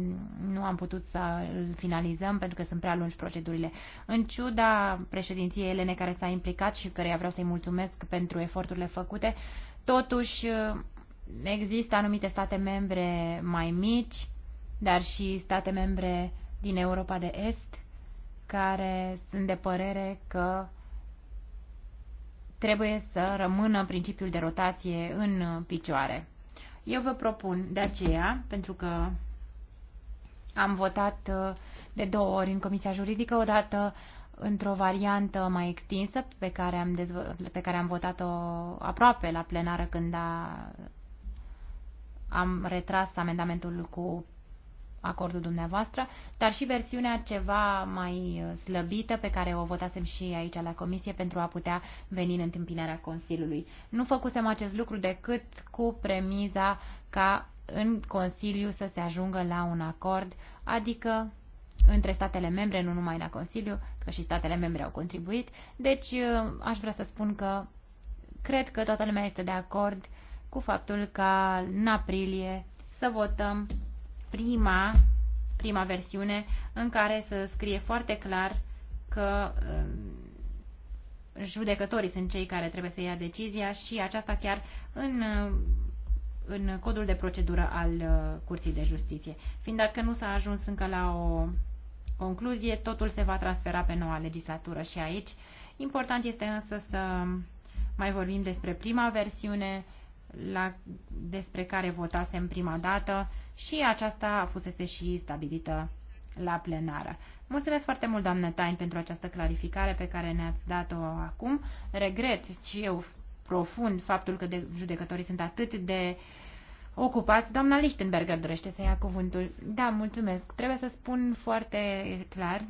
nu am putut să îl finalizăm pentru că sunt prea lungi procedurile. În ciuda președinției Elene care s-a implicat și căreia vreau să-i mulțumesc pentru eforturile făcute, totuși uh, există anumite state membre mai mici, dar și state membre din Europa de Est care sunt de părere că trebuie să rămână principiul de rotație în picioare. Eu vă propun de aceea, pentru că am votat uh, de două ori în Comisia Juridică, odată într-o variantă mai extinsă pe care am, pe care am votat-o aproape la plenară când a, am retras amendamentul cu acordul dumneavoastră, dar și versiunea ceva mai uh, slăbită pe care o votasem și aici la comisie pentru a putea veni în întâmpinarea Consiliului. Nu făcusem acest lucru decât cu premiza ca în Consiliu să se ajungă la un acord, adică între statele membre, nu numai la Consiliu, că și statele membre au contribuit. Deci uh, aș vrea să spun că cred că toată lumea este de acord cu faptul că în aprilie să votăm prima, prima versiune în care să scrie foarte clar că um, judecătorii sunt cei care trebuie să ia decizia și aceasta chiar în, um, în codul de procedură al uh, Curții de Justiție. Fiind dat că nu s-a ajuns încă la o concluzie, totul se va transfera pe noua legislatură și aici. Important este însă să mai vorbim despre prima versiune la, despre care votasem prima dată și aceasta a fusese și stabilită la plenară. Mulțumesc foarte mult, doamnă Tain, pentru această clarificare pe care ne-ați dat-o acum. Regret și eu profund faptul că de judecătorii sunt atât de ocupați. Doamna Lichtenberger dorește să ia cuvântul. Da, mulțumesc. Trebuie să spun foarte clar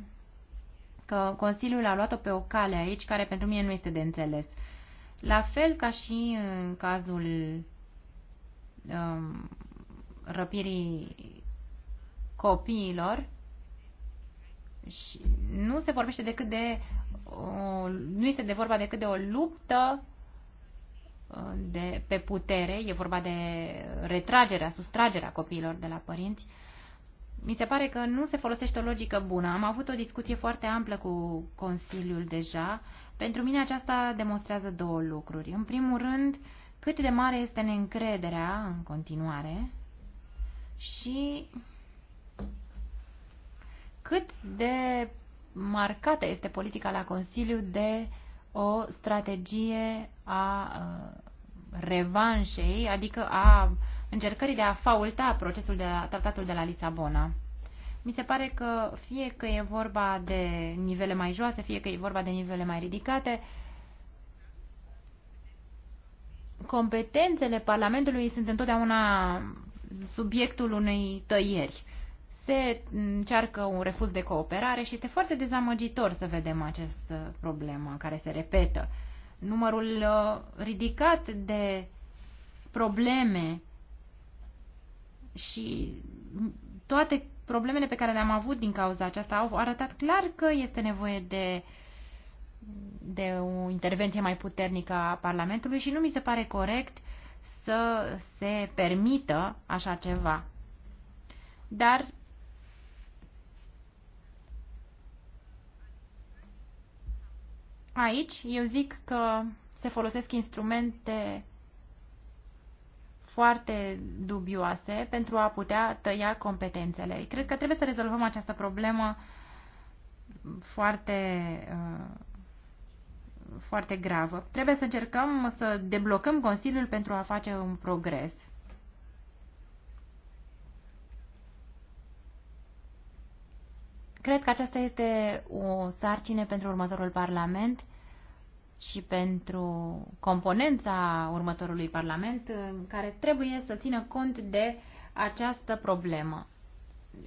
că Consiliul a luat-o pe o cale aici care pentru mine nu este de înțeles. La fel ca și în cazul um, răpirii copiilor și nu se vorbește decât de o, nu este de vorba decât de o luptă uh, de, pe putere, e vorba de retragerea, sustragerea copiilor de la părinți. Mi se pare că nu se folosește o logică bună. Am avut o discuție foarte amplă cu Consiliul deja. Pentru mine aceasta demonstrează două lucruri. În primul rând, cât de mare este neîncrederea în continuare și cât de marcată este politica la Consiliu de o strategie a uh, revanșei, adică a încercării de a faulta procesul de la, tratatul de la Lisabona. Mi se pare că fie că e vorba de nivele mai joase, fie că e vorba de nivele mai ridicate, competențele Parlamentului sunt întotdeauna subiectul unei tăieri. Se încearcă un refuz de cooperare și este foarte dezamăgitor să vedem această uh, problemă care se repetă. Numărul uh, ridicat de probleme și toate problemele pe care le-am avut din cauza aceasta au arătat clar că este nevoie de, de o intervenție mai puternică a Parlamentului și nu mi se pare corect uh, să se permită așa ceva. Dar aici eu zic că se folosesc instrumente foarte dubioase pentru a putea tăia competențele. Cred că trebuie să rezolvăm această problemă foarte uh, foarte gravă. Trebuie să încercăm să deblocăm Consiliul pentru a face un progres. Cred că aceasta este o sarcine pentru următorul Parlament și pentru componența următorului Parlament care trebuie să țină cont de această problemă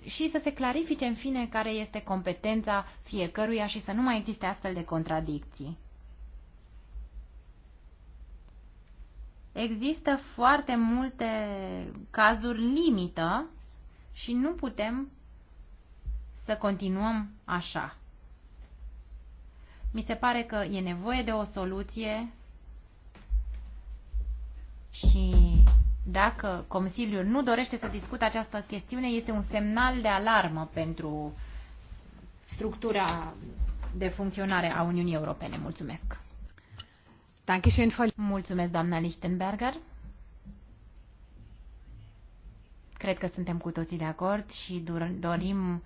și să se clarifice în fine care este competența fiecăruia și să nu mai existe astfel de contradicții. Există foarte multe cazuri limită și nu putem să continuăm așa. Mi se pare că e nevoie de o soluție și dacă Consiliul nu dorește să discute această chestiune, este un semnal de alarmă pentru structura de funcționare a Uniunii Europene. Mulțumesc! Mulțumesc, doamna Lichtenberger. Cred că suntem cu toții de acord și dorim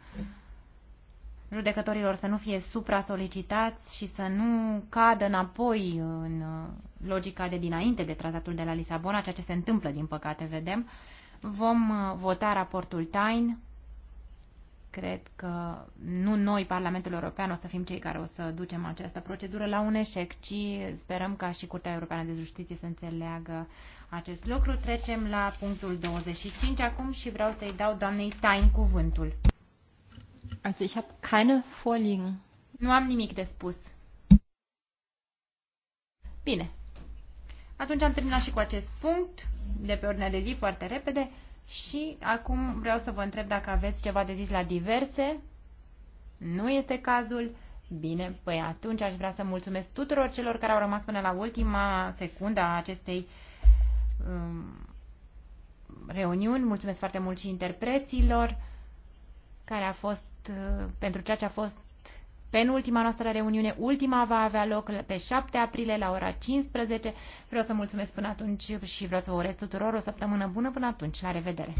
judecătorilor să nu fie supra-solicitați și să nu cadă înapoi în uh, logica de dinainte de tratatul de la Lisabona, ceea ce se întâmplă, din păcate, vedem. Vom uh, vota raportul Tain cred că nu noi, Parlamentul European, o să fim cei care o să ducem această procedură la un eșec, ci sperăm ca și Curtea Europeană de Justiție să înțeleagă acest lucru. Trecem la punctul 25 acum și vreau să-i dau doamnei Tain cuvântul. Also ich habe keine vorliegen. Nu am nimic de spus. Bine. Atunci am terminat și cu acest punct de pe ordinea de zi foarte repede. Și acum vreau să vă întreb dacă aveți ceva de zis la diverse. Nu este cazul. Bine, păi atunci aș vrea să mulțumesc tuturor celor care au rămas până la ultima secundă a acestei um, reuniuni. Mulțumesc foarte mult și interpreților care a fost, uh, pentru ceea ce a fost penultima noastră reuniune. Ultima va avea loc pe 7 aprilie la ora 15. Vreau să mulțumesc până atunci și vreau să vă urez tuturor o săptămână bună până atunci. La revedere!